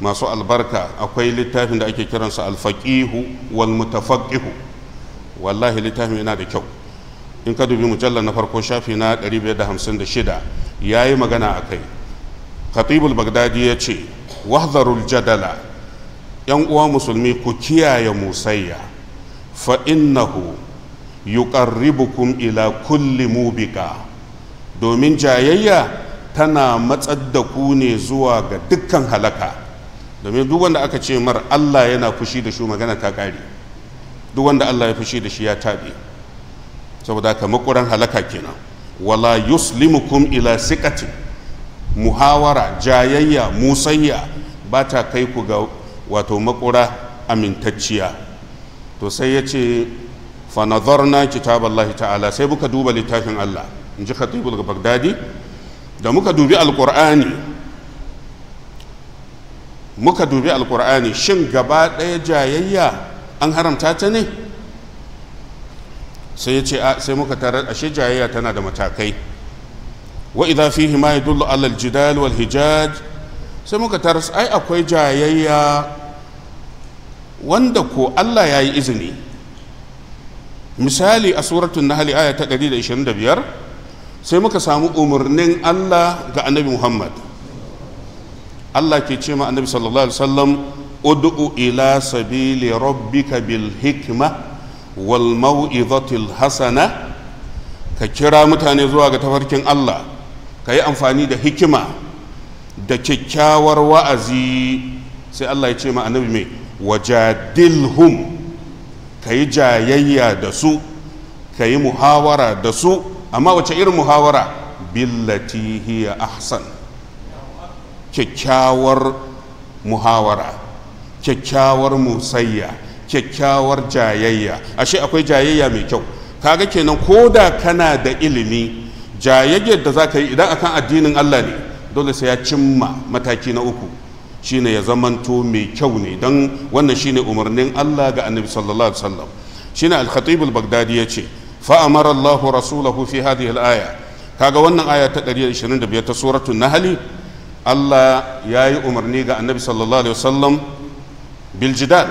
masu albarka akwai littafin da ake kiransa al-faqihu wal mutafaqihu wallahi littafin yana da kyau in ka dubi mujallar na farko shafi na 556 ya yi magana a kai khatibul bagdadi ya ce wahdharul jadala yan uwa musulmi ku kiyaye musayya Fa'innahu innahu bukun ila kulli mubika domin jayayya tana matsar da ku ne zuwa ga dukkan halaka domin duk wanda aka ce mar Allah yana fushi da shi magana ta ƙari duk wanda Allah ya fushi da shi ya taɓe saboda haka makuran halaka kenan wala yuslimukum ila sikati muhawara jayayya musayya ba ta kai ku ga wato makura amintacciya to sai ya ce fanazarna allah ta'ala sai muka duba littafin Allah in ji khatibul bagdadi da muka dubi alqur'ani muka dubi alqur'ani shin gaba ɗaya jayayya an haramta ta ne sai ya ce sai muka tarar ashe jayayya tana da matakai wa idza fihi ma yadullu ala aljidal wal hijaj sai muka tarar ai akwai jayayya wanda ko Allah ya yi izini misali a suratun nahali aya ta 125 sai muka samu umarnin Allah ga annabi Muhammad Allah ke ce ma annabi sallallahu alaihi wasallam ud'u ila sabili rabbika bil hikma wal mau'izatil hasana ka kira mutane zuwa ga tafarkin Allah ka yi amfani da hikima da kyakkyawar wa'azi sai Allah ya ce ma annabi mai wajadilhum ka yi jayayya da su ka yi muhawara da su amma wace irin muhawara billati hiya ahsan kyakkyawar muhawara kyakkyawar musayya kyakkyawar jayayya ashe akwai jayayya mai kyau kaga kenan ko da kana da ilimi jayayyar da za ka yi idan akan addinin allah ne dole sai ya cimma mataki na uku shine ya zamanto mai kyau ne don wannan shine umarnin Allah ga annabi sallallahu alaihi wasallam shine al-khatib al-baghdadi yace fa amara Allah rasulahu fi hadhihi al-aya kaga wannan aya ta 125 ta suratu nahl Allah yayi umarni ga annabi sallallahu alaihi wasallam bil jidal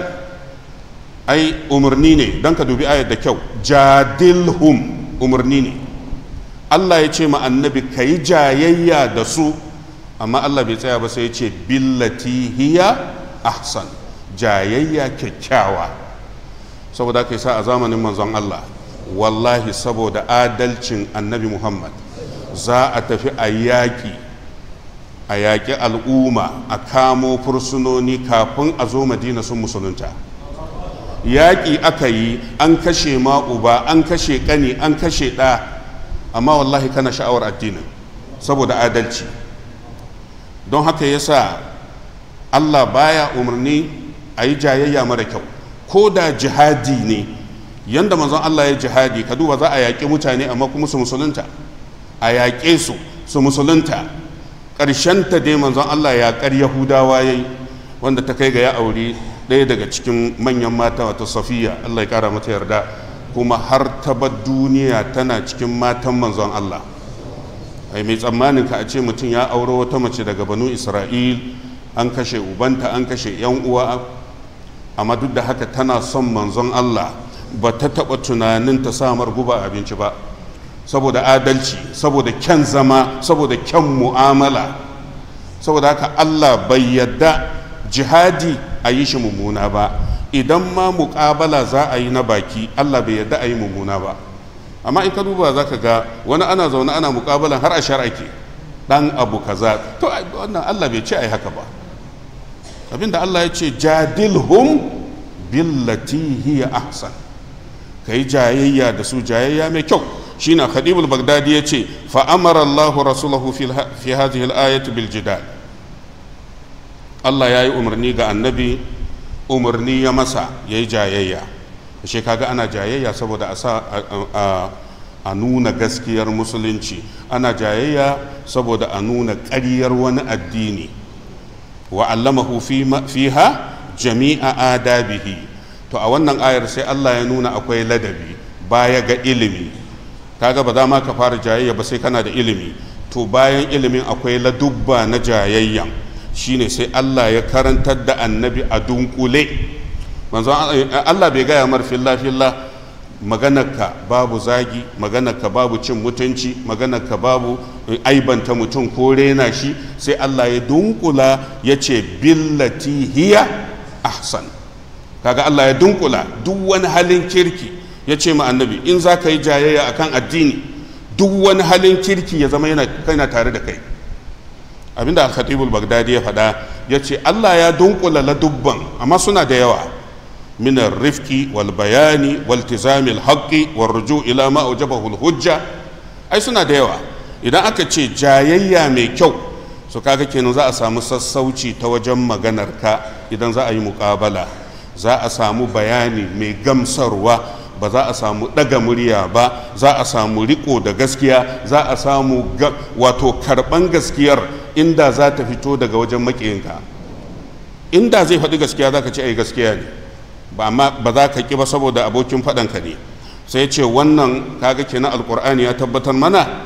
ai umarni ne don ka dubi ayar da kyau jadilhum umarni ne Allah ya ce ma annabi ka yi jayayya da su amma Allah bai tsaya ba sai ya ce billati hiya ahsan jayayya kyakkyawa saboda aka sa a zamanin manzon Allah wallahi saboda adalcin annabi Muhammad za a tafi a yaƙi a yaƙi al'umma a kamo fursunoni kafin a zo madina sun musulunta yaƙi aka yi an kashe ma'uba an kashe ƙani an kashe ɗa amma wallahi kana sha'awar addinin saboda adalci don haka ya sa allah baya umarni a yi jayayya mara kyau ko da jihadi ne yadda manzon allah ya jihadi ka duba za a yaƙi mutane amma kuma su musulunta a yaƙe su su musulunta ƙarshenta dai manzon allah yaƙar yahudawa ya yi wanda ta kai ga ya aure ɗaya daga cikin manyan mata wata safiya allah ya ƙara mata yarda kuma har ta duniya tana cikin matan manzon allah ai mai tsammanin ka a ce mutum ya auro wata mace daga banu isra'il an kashe ubanta an kashe yan uwa amma duk da haka tana son manzon allah ba ta taɓa tunanin ta samar guba abinci ba saboda adalci saboda kyan zama saboda kyan mu'amala saboda haka allah bai yadda jihadi a yi shi mummuna ba idan ma muƙabala za a yi na baki allah bai yadda a yi mummuna ba amma in ka duba za ka ga wani ana zaune ana mukabalan har a ake dan abu kaza to wannan Allah bai ce ai haka ba abinda Allah ya ce jadilhum billati hiya ahsan yi jayayya da su jayayya mai kyau shine khadibul bagdadi ya ce fa amara Allahu rasulahu fi hadhihi al-ayati bil jidal Allah ya yi umarni ga annabi umarni ya masa ya yi jayayya ashe kaga ana jayayya saboda a nuna gaskiyar musulunci ana jayayya saboda a nuna ƙaryar wani addini wa allamahu ha jami'a adabihi to a wannan ayar sai Allah ya nuna akwai ladabi baya ga ilimi kaga ba za ma ka fara jayayya ba sai kana da ilimi to bayan ilimin akwai ladubba na jayayyan shine sai Allah ya karantar da annabi a dunkule manzo eh, Allah bai gaya mar filla filla maganarka babu zagi maganarka babu cin mutunci maganarka babu eh, aibanta mutum ko rena shi sai Allah ya dunkula ya ce billati hiya ahsan kaga Allah ya dunkula duk wani halin kirki ya ce ma annabi in za ka yi jayayya kan addini duk wani halin kirki ya zama yana tare da kai abinda al-khatibul bagdadi ya faɗa ya ce Allah ya dunkula ladubban amma suna da yawa من الرفق والبيان والتزام الحق والرجوع الى ما اي yawa دايوا اذا ce jayayya mai mai kyau so kaga kenan za a samu sassauci ta wajen maganar ka idan za a yi mukabala za a samu bayani mai gamsarwa ba za a samu daga murya ba za a samu riko da gaskiya za a samu wato karɓan gaskiyar inda za ta fito daga wajen makiyinka inda zai faɗi gaskiya zaka ka ci a gaskiya ne ba za ka ƙi ba saboda abokin ka ne sai ce wannan kaga kenan alkur'ani ya tabbatar mana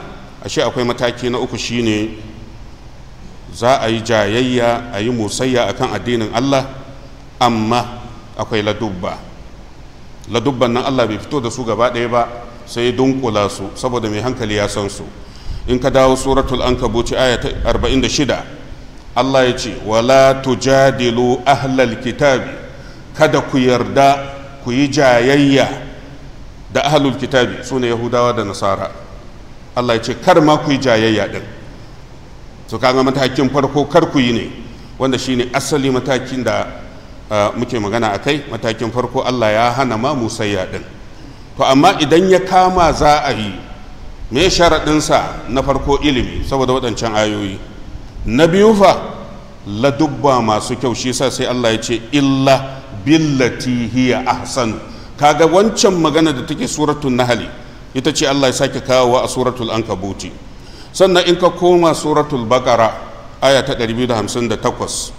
ashe akwai mataki na uku shine za a yi jayayya a yi musayya akan addinin Allah amma akwai ladubba ladubban nan Allah bai fito da su gaba ɗaya ba sai dunkula su saboda mai hankali ya san su in ka dawo suratul ankabuci aya ta 46 Allah ya ce wala tujadilu ahlal kitabi kada ku yarda ku yi jayayya da ahalul kitabi su ne yahudawa da nasara allah ya ce kar ma ku yi jayayya din su kama matakin farko kar ku yi ne wanda shi ne asali matakin da muke magana a kai matakin farko allah ya hana ma musayya din to amma idan ya kama za a yi me sharaɗinsa na farko ilimi saboda waɗancan ayoyi na biyu fa ladubba masu kyau shi sa sai Allah ya ce illa billati hiya ahsanu kaga wancan magana da take suratul nahli ita ce Allah ya sake kawowa a suratul ankabuti sannan in ka koma suratul baqara aya ta 258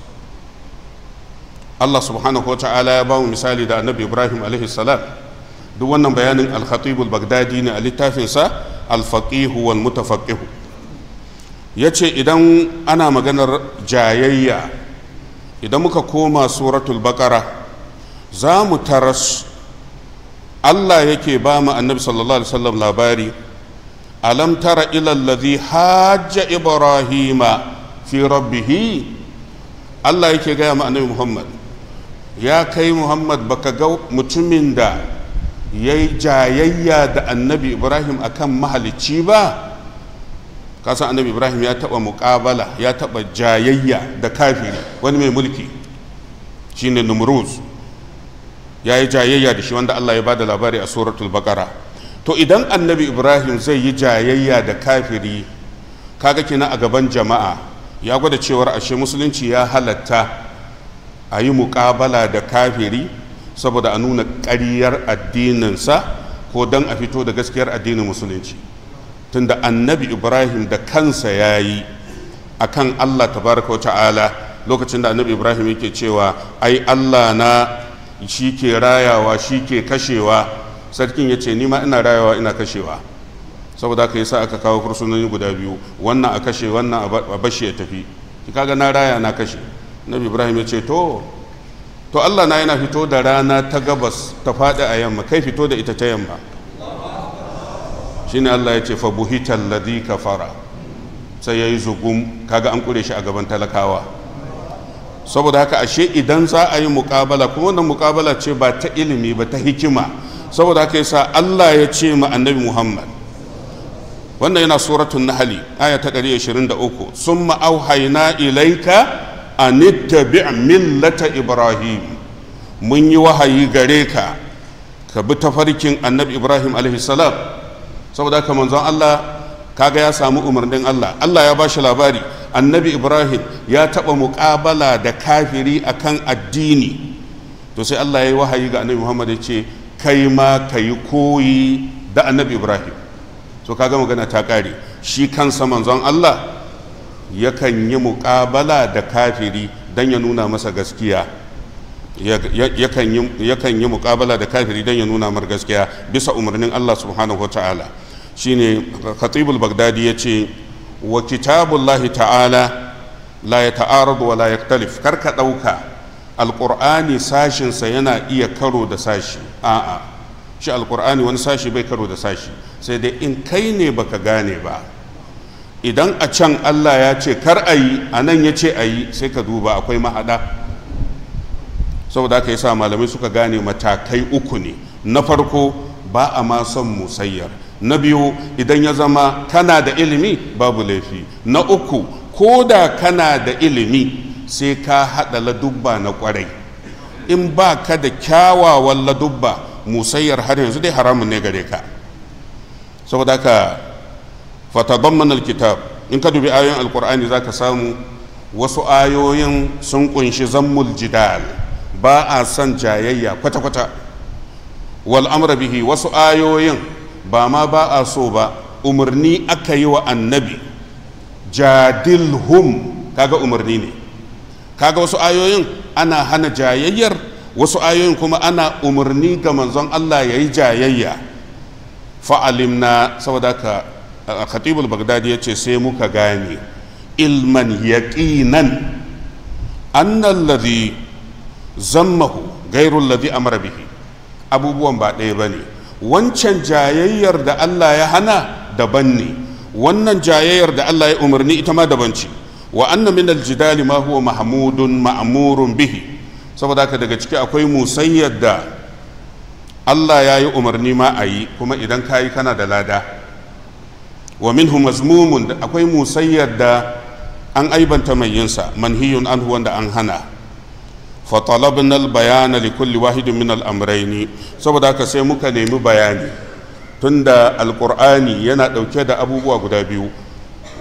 Allah subhanahu wata'ala ya bamu misali da annabi Ibrahim alaihi salam duk wannan bayanin al-khatib al-baghdadi ne a littafinsa al-faqih wal mutafaqih yace idan ana maganar jayayya idan muka koma suratul baqara za mu taras Allah yake ba mu annabi sallallahu alaihi wasallam labari alam tara ila allazi hajja ibrahima fi rabbih Allah yake gaya mu annabi Muhammad ya kai Muhammad baka ga mutumin da yayi jayayya da annabi Ibrahim akan mahalicci ba kasan annabi Ibrahim ya taba muƙabala, ya taɓa jayayya da kafiri wani mai mulki shine Numruz ya yi jayayya da shi wanda Allah ya bada labari a suratul bakara to idan annabi ibrahim zai yi jayayya da kafiri kaga kina a gaban jama'a ya gwada cewar ashe musulunci ya halatta a yi muƙabala da kafiri saboda a nuna ƙaryar addininsa ko don a fito da gaskiyar addinin musulunci tunda annabi ibrahim da kansa ya yi a kan allah ta ta'ala lokacin da annabi ibrahim yake cewa ai allah na shi ke rayawa shi ke kashewa sarkin ya ce nima ina rayawa ina kashewa saboda haka yasa aka kawo fursunoni guda biyu wannan a kashe wannan a bashi ya tafi ki kaga na raya na kashe nabi ibrahim ya ce to to allah na yana fito da rana ta gabas ta faɗi a yamma kai fito da ita ta yamma shine allah ya ce fa buhital ka kafara sai yayi zugum kaga an kure shi a gaban talakawa saboda haka ashe idan za a yi mukabala kuma wannan mukabala ce ba ta ilimi ba ta hikima saboda haka yasa Allah ya ce ma annabi Muhammad wannan yana suratul nahl aya ta 123 summa auhayna ilayka an ittabi' millata ibrahim mun yi wahayi gare ka ka bi tafarkin annabi ibrahim alaihi salam saboda haka manzon Allah kaga ya samu umarnin Allah Allah ya bashi labari annabi ibrahim ya taɓa muƙabala da kafiri akan addini to sai allah ya yi wahayi ga annabi muhammad ya ce kai ma ka yi koyi da annabi ibrahim so kaga magana ta ƙare shi kansa manzon allah yakan yi muƙabala da kafiri don ya nuna masa gaskiya yakan yi muƙabala da kafiri don ya nuna mar gaskiya bisa umarnin allah subhanahu wa ta'ala shine khatibul bagdadi ya ce wa kitabullahi ta'ala la ya ta'aradu wa la ya karka ɗauka alƙur'ani sashinsa yana iya karo da sashi a'a shi alƙur'ani wani sashi bai karo da sashi sai dai in kai ne baka gane ba idan a can allah ya ce kar a yi a nan ya ce a yi sai ka duba akwai mahaɗa saboda aka yi sa malamai suka gane matakai uku ne na farko ba a ma son musayyar na biyu idan ya zama kana da ilimi babu laifi na uku ko da kana da ilimi sai ka haɗa ladubba na kwarai in ba ka da kyawawan ladubba musayyar har yanzu dai haramun ne gare ka saboda ka fatadamman alkitab in ka dubi ayoyin alkur'ani za ka samu wasu ayoyin sun kunshi zammul jidal ba a son jayayya kwata-kwata wal bihi wasu ayoyin ba ma ba a so ba umarni aka yi wa annabi jadilhum kaga umarni ne kaga wasu ayoyin ana hana jayayyar wasu ayoyin kuma ana umarni ga manzon Allah ya yi jayayya fa'alimna saboda ka khatibul bagdadi ya ce sai muka gane ilman yaƙinan annan ladhi zammahu gairun ladhi amara bihi abubuwan ba ɗaya ba ne wancan jayayyar da Allah ya hana daban ne wannan jayayyar da Allah ya umarni ita ma daban ce wa anna min aljidali ma huwa mahmudun ma'murun bihi saboda haka daga ciki akwai musayyar da Allah ya yi umarni ma a yi kuma idan ka yi kana da lada wa minhu mazmumun akwai musayyar da an aibanta mai yinsa manhiyun huwa da an hana fatalabna albayana li kulli wahidu min al'amraini saboda haka sai muka nemi bayani tunda alqur'ani yana dauke da abubuwa guda biyu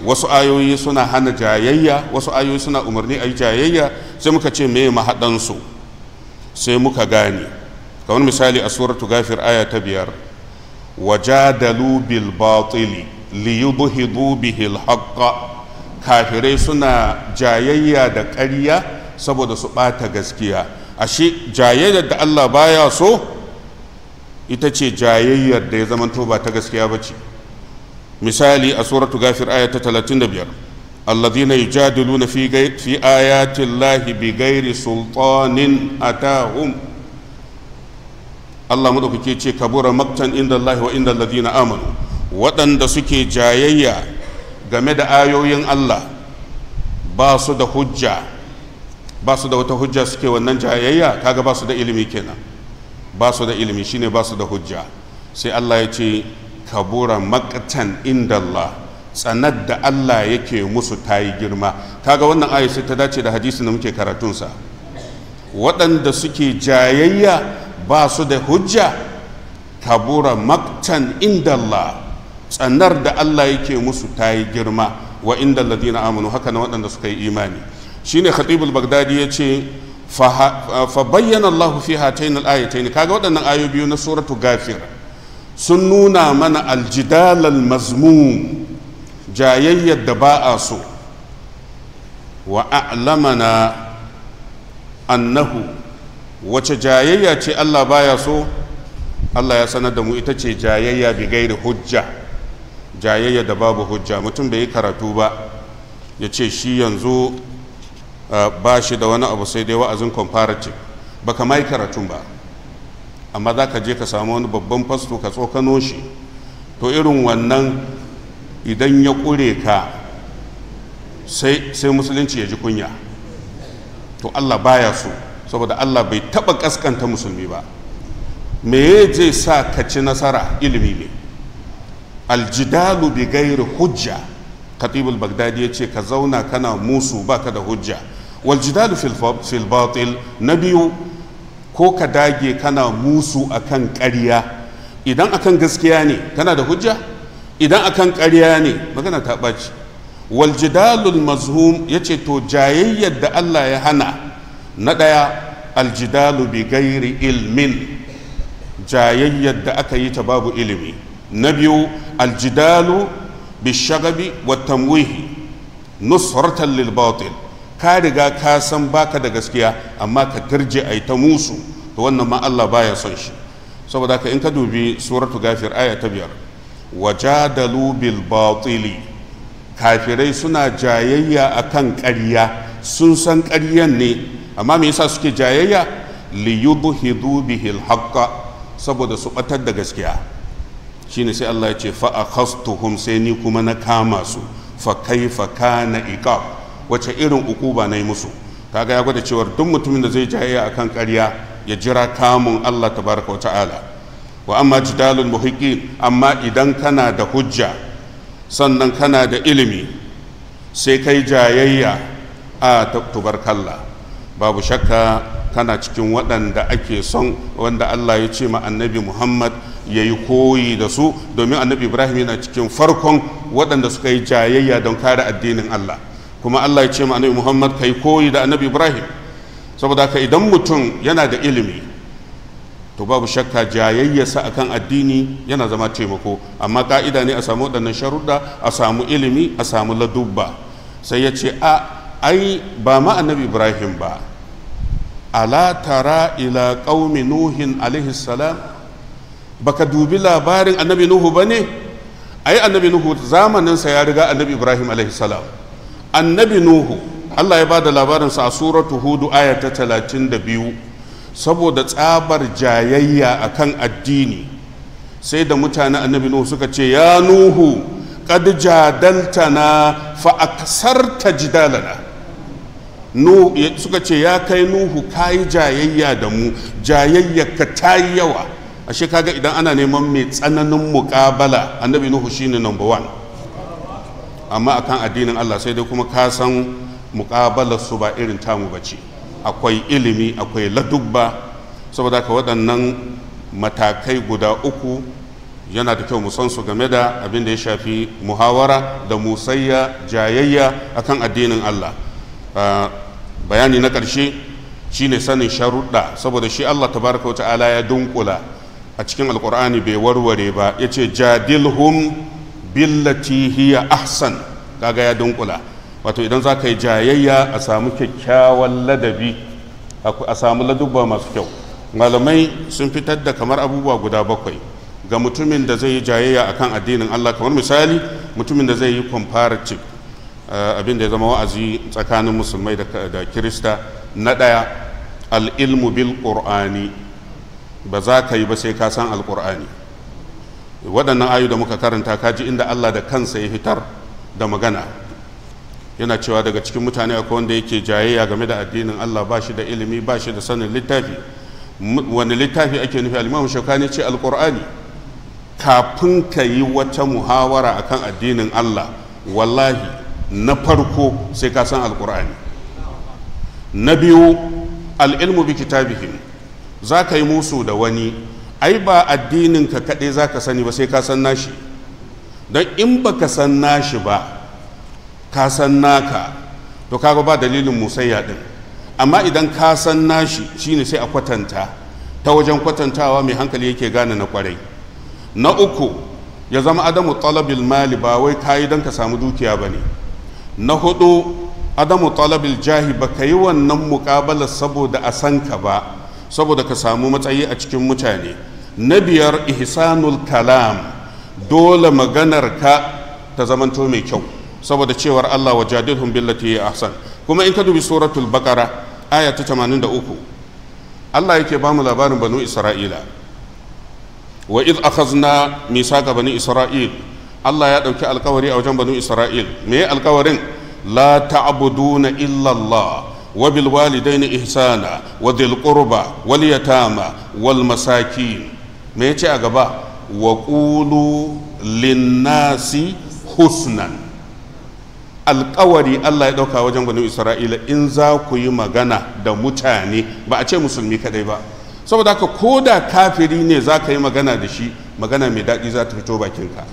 wasu ayoyi suna hana jayayya wasu ayoyi suna umarni ayi jayayya sai muka ce me mahadansu sai muka gane kamar misali a suratu gafir aya ta biyar wajadalu bil batili li yudhidu bihi al kafirai suna jayayya da ƙarya saboda su ɓata gaskiya ashe jayayyar da Allah baya so ita ce jayayyar da ya zamanto ba ta gaskiya ba ce misali a suratu gafir aya ta 35 alladhina yujadiluna fi fi ayati llahi bighairi sultanin atahum Allah madaukake ce kabura maktan inda Allah wa inda alladhina amanu waɗanda suke jayayya game da ayoyin Allah ba su da hujja ba su da wata hujja suke wannan jayayya kaga ba su da ilimi kenan ba su da ilimi shine ba su da hujja sai Allah ya ce kabura maqtan inda Allah tsanar da Allah yake musu tayi girma kaga wannan aya sai ta dace da hadisin da muke karatunsa waɗanda suke jayayya ba su da hujja kabura maqtan inda Allah tsanar da Allah yake musu tayi girma wa inda ladina amanu haka na waɗanda suka yi imani shine khatibul bagdadi ya ce fa bayyana Allah fi hatain al-ayatain kaga waɗannan ayo biyu na suratu gafir sun nuna mana aljidal al-mazmum jayayyar da ba a so wa a'lamana annahu wace jayayya ce Allah baya so Allah ya sanar da mu ita ce jayayya bi gairi hujja jayayya da babu hujja mutum bai yi karatu ba ya ce shi yanzu ba shi da wani abu sai dai wa'azin comparative ba ka mai karatun ba amma za ka je ka samu wani babban fasto ka tsokano shi to irin wannan idan ya ƙure ka sai musulunci ya ji kunya to allah baya so saboda allah bai taɓa ƙaskanta musulmi ba me zai sa ka ci nasara ilimi ne aljidalu bi gairi hujja katibul bagdadi ya ce ka zauna kana musu baka da hujja wal filbatil na biyu ko ka dage kana musu akan ƙarya idan akan gaskiya ne kana da hujja idan akan ƙarya ne magana ta ɓaci waljidalu mazhum ya ce to jayayyar da Allah ya hana na ɗaya aljidalu bi gairi ilmin jayayyar da aka yi ta babu ilimi na biyu aljidalu bi shagabi wa tamwihi nusratan lil batil ka riga ka san baka da gaskiya amma ka tarje ai ta musu to wannan ma Allah baya son shi saboda haka in ka dubi suratu gafir aya ta biyar wajadalu bil batili kafirai suna jayayya akan ƙarya sun san ƙaryan ne amma me yasa suke jayayya li yudhidu bihi haqqa saboda su batar da gaskiya shine sai Allah ya ce fa akhastuhum sai ni kuma na kama su fa kaifa kana iqab wace irin ukuba na yi musu kaga ya gwada cewar duk mutumin da zai jayayya a kan karya ya jira kamun Allah tabaraka wa ta'ala wa amma jidalul muhiqin amma idan kana da hujja sannan kana da ilimi sai kai jayayya a kalla babu shakka kana cikin waɗanda ake son wanda Allah ya ce ma annabi Muhammad ya yi koyi da su domin annabi Ibrahim yana cikin farkon waɗanda suka yi jayayya don kare addinin Allah kuma Allah ya ce ma annabi Muhammad kai koyi da annabi Ibrahim saboda haka idan mutum yana da ilimi to babu shakka jayayyarsa akan addini yana zama taimako amma ka'ida ne a samu waɗannan sharuɗa a samu ilimi a samu ladubba sai ya ce a ai ba ma annabi Ibrahim ba ala tara ila qaumi nuhin alaihi salam baka dubi labarin annabi nuhu bane ai annabi nuhu zamaninsa ya riga annabi Ibrahim alaihi salam annabi nuhu allah ya ba da labarinsa a suratu hudu aya ta talatin da biyu saboda tsabar jayayya a kan addini sai da mutane annabi nuhu suka ce ya nuhu qad jadaltana fa aksarta jidalana nuhu suka ce ya kai nuhu kayi jayayya da mu jayayya ka yi yawa ashe kaga idan ana neman mai tsananin muƙabala annabi nuhu shine number one amma akan addinin Allah sai dai kuma ka san muƙabalar su ba irin tamu bace akwai ilimi akwai ladubba saboda ka waɗannan matakai guda uku yana da kyau musan su game da abin da ya shafi muhawara da musayya jayayya akan addinin Allah bayani na ƙarshe shine sanin sharuɗa saboda shi Allah tabaraka wa ta'ala ya dunkula a cikin alƙur'ani bai warware ba ya ce jadilhum billati hiya ahsan kaga ya dunkula wato idan za ka yi jayayya a samu kyakkyawan ladabi a samu ladubba masu kyau malamai sun fitar da kamar abubuwa guda bakwai ga mutumin da zai yi jayayya akan addinin Allah kamar misali mutumin da zai yi comparative eh, abin da ya zama wa'azi tsakanin musulmai da kirista na ɗaya al'ilmu bil ƙur'ani ba za ka yi ba sai ka san alƙur'ani waɗannan ayu da muka karanta kaji inda Allah da kansa ya fitar da magana yana cewa daga cikin mutane akwai wanda yake jayayya game da addinin Allah ba shi da ilimi ba shi da sanin littafi wani littafi ake nufi alimamu shaukani ce alkur'ani kafin ka yi wata muhawara akan addinin Allah wallahi na farko sai ka san alkur'ani na biyu al'ilmu bi kitabihim za ka yi musu da wani ai ba addinin ka kaɗai za ka sani ba sai ka san nashi don in ba ka san nashi ba ka san naka to kaga ba dalilin musayya din amma idan ka san nashi shine sai a kwatanta ta wajen kwatantawa mai hankali yake gane na kwarai na uku ya zama adamu talabil mali ba wai kayi don ka samu dukiya ba ne na hudu adamu talabil jahi ba ka yi wannan mukabalar saboda a san ka ba saboda ka samu matsayi a cikin mutane na biyar ihsanul kalam dole maganar ka ta zamanto mai kyau saboda cewar Allah wa jadilhum billati ya ahsan kuma in ka dubi suratul baqara aya ta 83 Allah yake ba mu labarin banu isra'ila wa id akhazna misaqa bani isra'il Allah ya dauki alkawari a wajen banu isra'il me alkawarin la ta'buduna illa Allah وبالوالدين إحسانا wal yatama wal masaki. me ya ce a gaba wa ƙulu linnasi husnan alkawari allah ya ɗauka wajen gwanin isra'ila in za ku yi magana da mutane ba a ce musulmi kadai ba saboda haka ko da kafiri ne za ka yi magana da shi magana mai daɗi za ta fito bakinka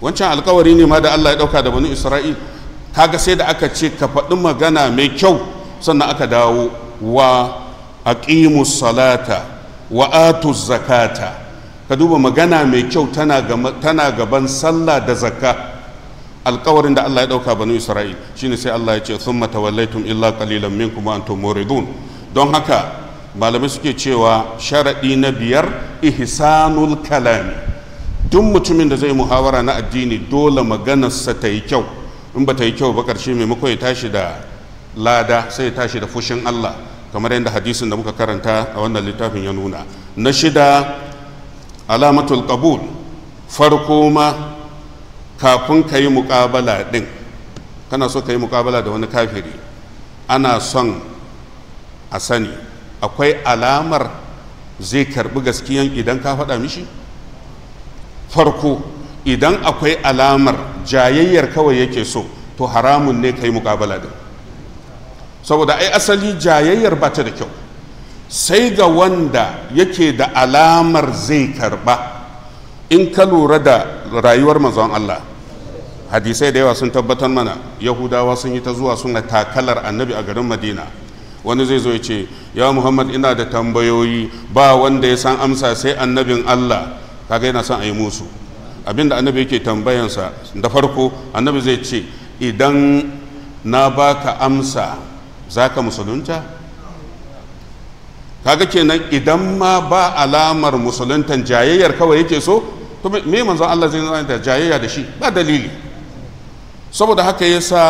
wancan alkawari ne ma da allah ya ɗauka da bani isra'il kaga sai da aka ce ka faɗi magana mai kyau sannan aka dawo wa aqimus salata wa zakata ka duba magana mai kyau tana gaban sallah da zakka alkawarin da Allah ya dauka banu Isra'il shine sai Allah ya ce thumma wallaitun illa qalilan minkum wa antum muridun don haka malamai suke cewa sharaɗi na biyar ihsanul kalami duk mutumin da zai muhawara na addini dole maganarsa ta yi kyau in ba ta yi kyau ba ƙarshe maimako ya tashi da lada sai ya tashi da fushin Allah kamar yadda hadisin da muka karanta a wannan littafin ya nuna na shida alamatul qabul farko ma kafin ka yi mukabala ɗin kana so ka yi mukabala da wani kafiri ana son a sani akwai alamar zai karbi gaskiyan idan ka faɗa mishi farko idan akwai alamar jayayyar kawai yake so to haramun ne ka yi mukabala ɗin saboda ai asali jayayyar ba ta da kyau sai ga wanda yake da alamar zai karba in ka lura da rayuwar manzon Allah hadisai da yawa sun tabbatar mana yahudawa sun yi ta zuwa suna takalar annabi a garin madina wani zai zo ya ce ya muhammad ina da tambayoyi ba wanda ya san amsa sai annabin allah kaga yana son a yi musu abinda annabi yake tambayansa da farko annabi zai ce idan na baka amsa za ka musulunta kaga kenan idan ma ba alamar musuluntan jayayyar kawai yake so to me manzon Allah zai zai da jayayya da shi ba dalili saboda haka yasa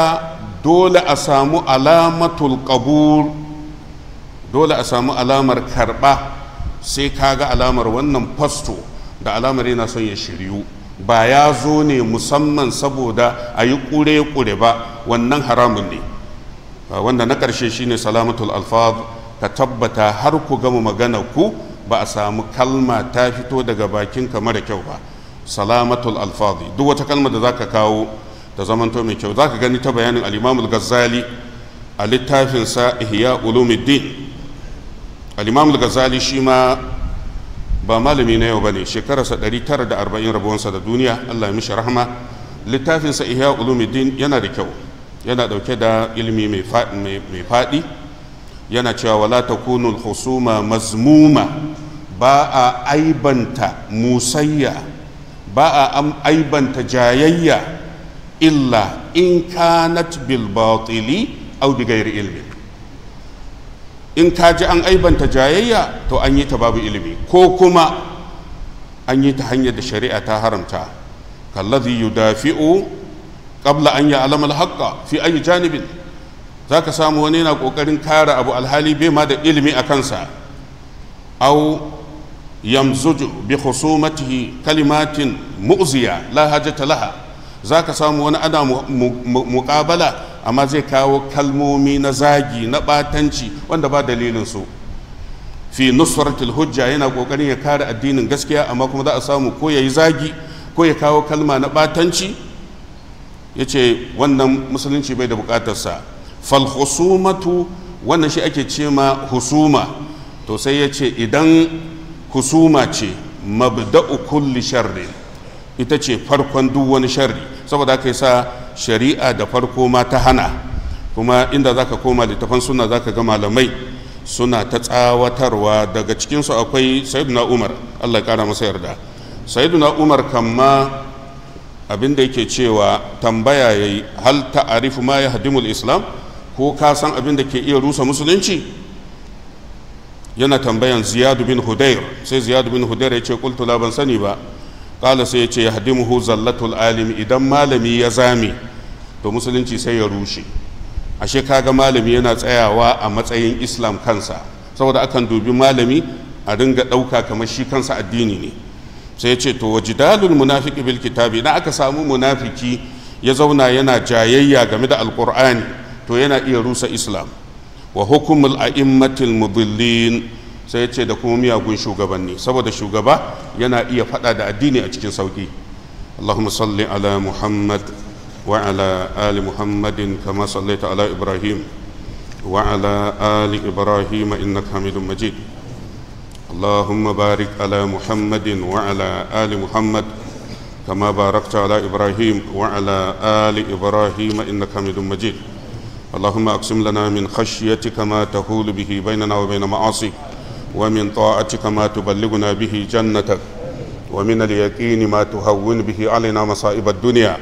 dole a samu alamatul qabul dole a samu alamar karba sai kaga alamar wannan fasto da alamar yana son ya shiryu ba ya zo ne musamman saboda a yi kure-kure ba wannan haramun ne Ah, wanda na ƙarshe shine salamatul alfaz ka tabbata har ku gama magana ku ba a samu kalma ta fito daga bakin bakinka mara kyau ba salamatul alfazi duk wata kalma da zaka kawo ta zamanto mai kyau zaka gani ta bayanin al-imamul ghazali a littafinsa ihya ulumuddin al-imamul ghazali shi ma ba malami na yau bane shekararsa 940 rabuwansa da duniya Allah ya mishi rahama littafinsa ihya ulumuddin yana da kyau yana dauke da ilimi mai faɗi yana cewa wala ta kunul husuma mazmuma ba a aibanta musayya ba a aibanta jayayya illa in kanat bil batili aw bi ghairi ilmi in ka ji an aibanta jayayya to an yi ta babu ilimi ko kuma an yi ta hanyar da shari'a ta haramta kallazi yudafi'u qabla an ya'lama al-haqqa fi ayi janibin zaka samu wani yana kokarin kare abu alhali bai ma da ilimi a kansa aw yamzuju bi khusumatihi kalimatin mu'ziya la hajata laha zaka samu wani ana muqabala amma zai kawo kalmomi na zagi na batanci wanda ba dalilin su fi nusratil hujja yana kokarin ya kare addinin gaskiya amma kuma za a samu ko yayi zagi ko ya kawo kalma na batanci ya ce wannan musulunci bai da bukatarsa falhusumatu wannan shi ake ce ma husuma to sai ya ce idan husuma ce mabda'u kulli sharri ita ce farkon duk wani sharri saboda aka yi sa shari'a da farko ma ta hana kuma inda zaka koma littafan suna zaka ga malamai suna ta tsawatarwa daga cikinsu akwai na umar allah ya kara masa yarda na umar kan ma abin da yake cewa tambaya ya yi hal ta'arifu ma ya hadimul islam ko ka san abin da ke iya rusa musulunci yana tambayan ziyadu bin hudair sai ziyadu bin hudair ya ce kultu ban sani ba kala sai ya ce ya hadimuhu zallatul alimi idan malami ya zame to musulunci sai ya rushe ashe kaga malami yana tsayawa a matsayin islam kansa saboda akan dubi malami a ringa ɗauka kamar shi kansa addini ne sai ce to wajidalul munafiki bil kitabi na aka samu munafiki ya zauna yana jayayya game da alqur'ani to yana iya rusa islam wa hukumul a'immatil mudillin sai ce da kuma miyagun shugabanni saboda shugaba yana iya fada da addini a cikin sauki اللهم صل على محمد Ali Muhammadin kama كما ala Ibrahim إبراهيم وعلى آل إبراهيم إنك حميد مجيد اللهم بارك على محمد وعلى آل محمد كما باركت على إبراهيم وعلى آل إبراهيم إنك حميد مجيد اللهم أقسم لنا من خشيتك ما تهول به بيننا وبين معاصيك ومن طاعتك ما تبلغنا به جنتك ومن اليقين ما تهون به علينا مصائب الدنيا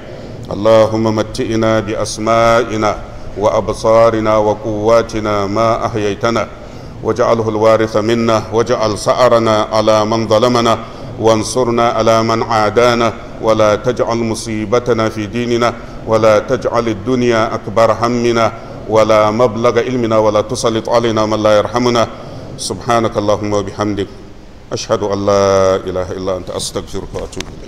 اللهم متئنا بأسمائنا وأبصارنا وقواتنا ما أحييتنا واجعله الوارث منا واجعل سأرنا على من ظلمنا وانصرنا على من عادانا ولا تجعل مصيبتنا في ديننا ولا تجعل الدنيا أكبر همنا ولا مبلغ علمنا ولا تسلط علينا من لا يرحمنا سبحانك اللهم وبحمدك أشهد أن لا إله إلا أنت أستغفرك وأتوب إليك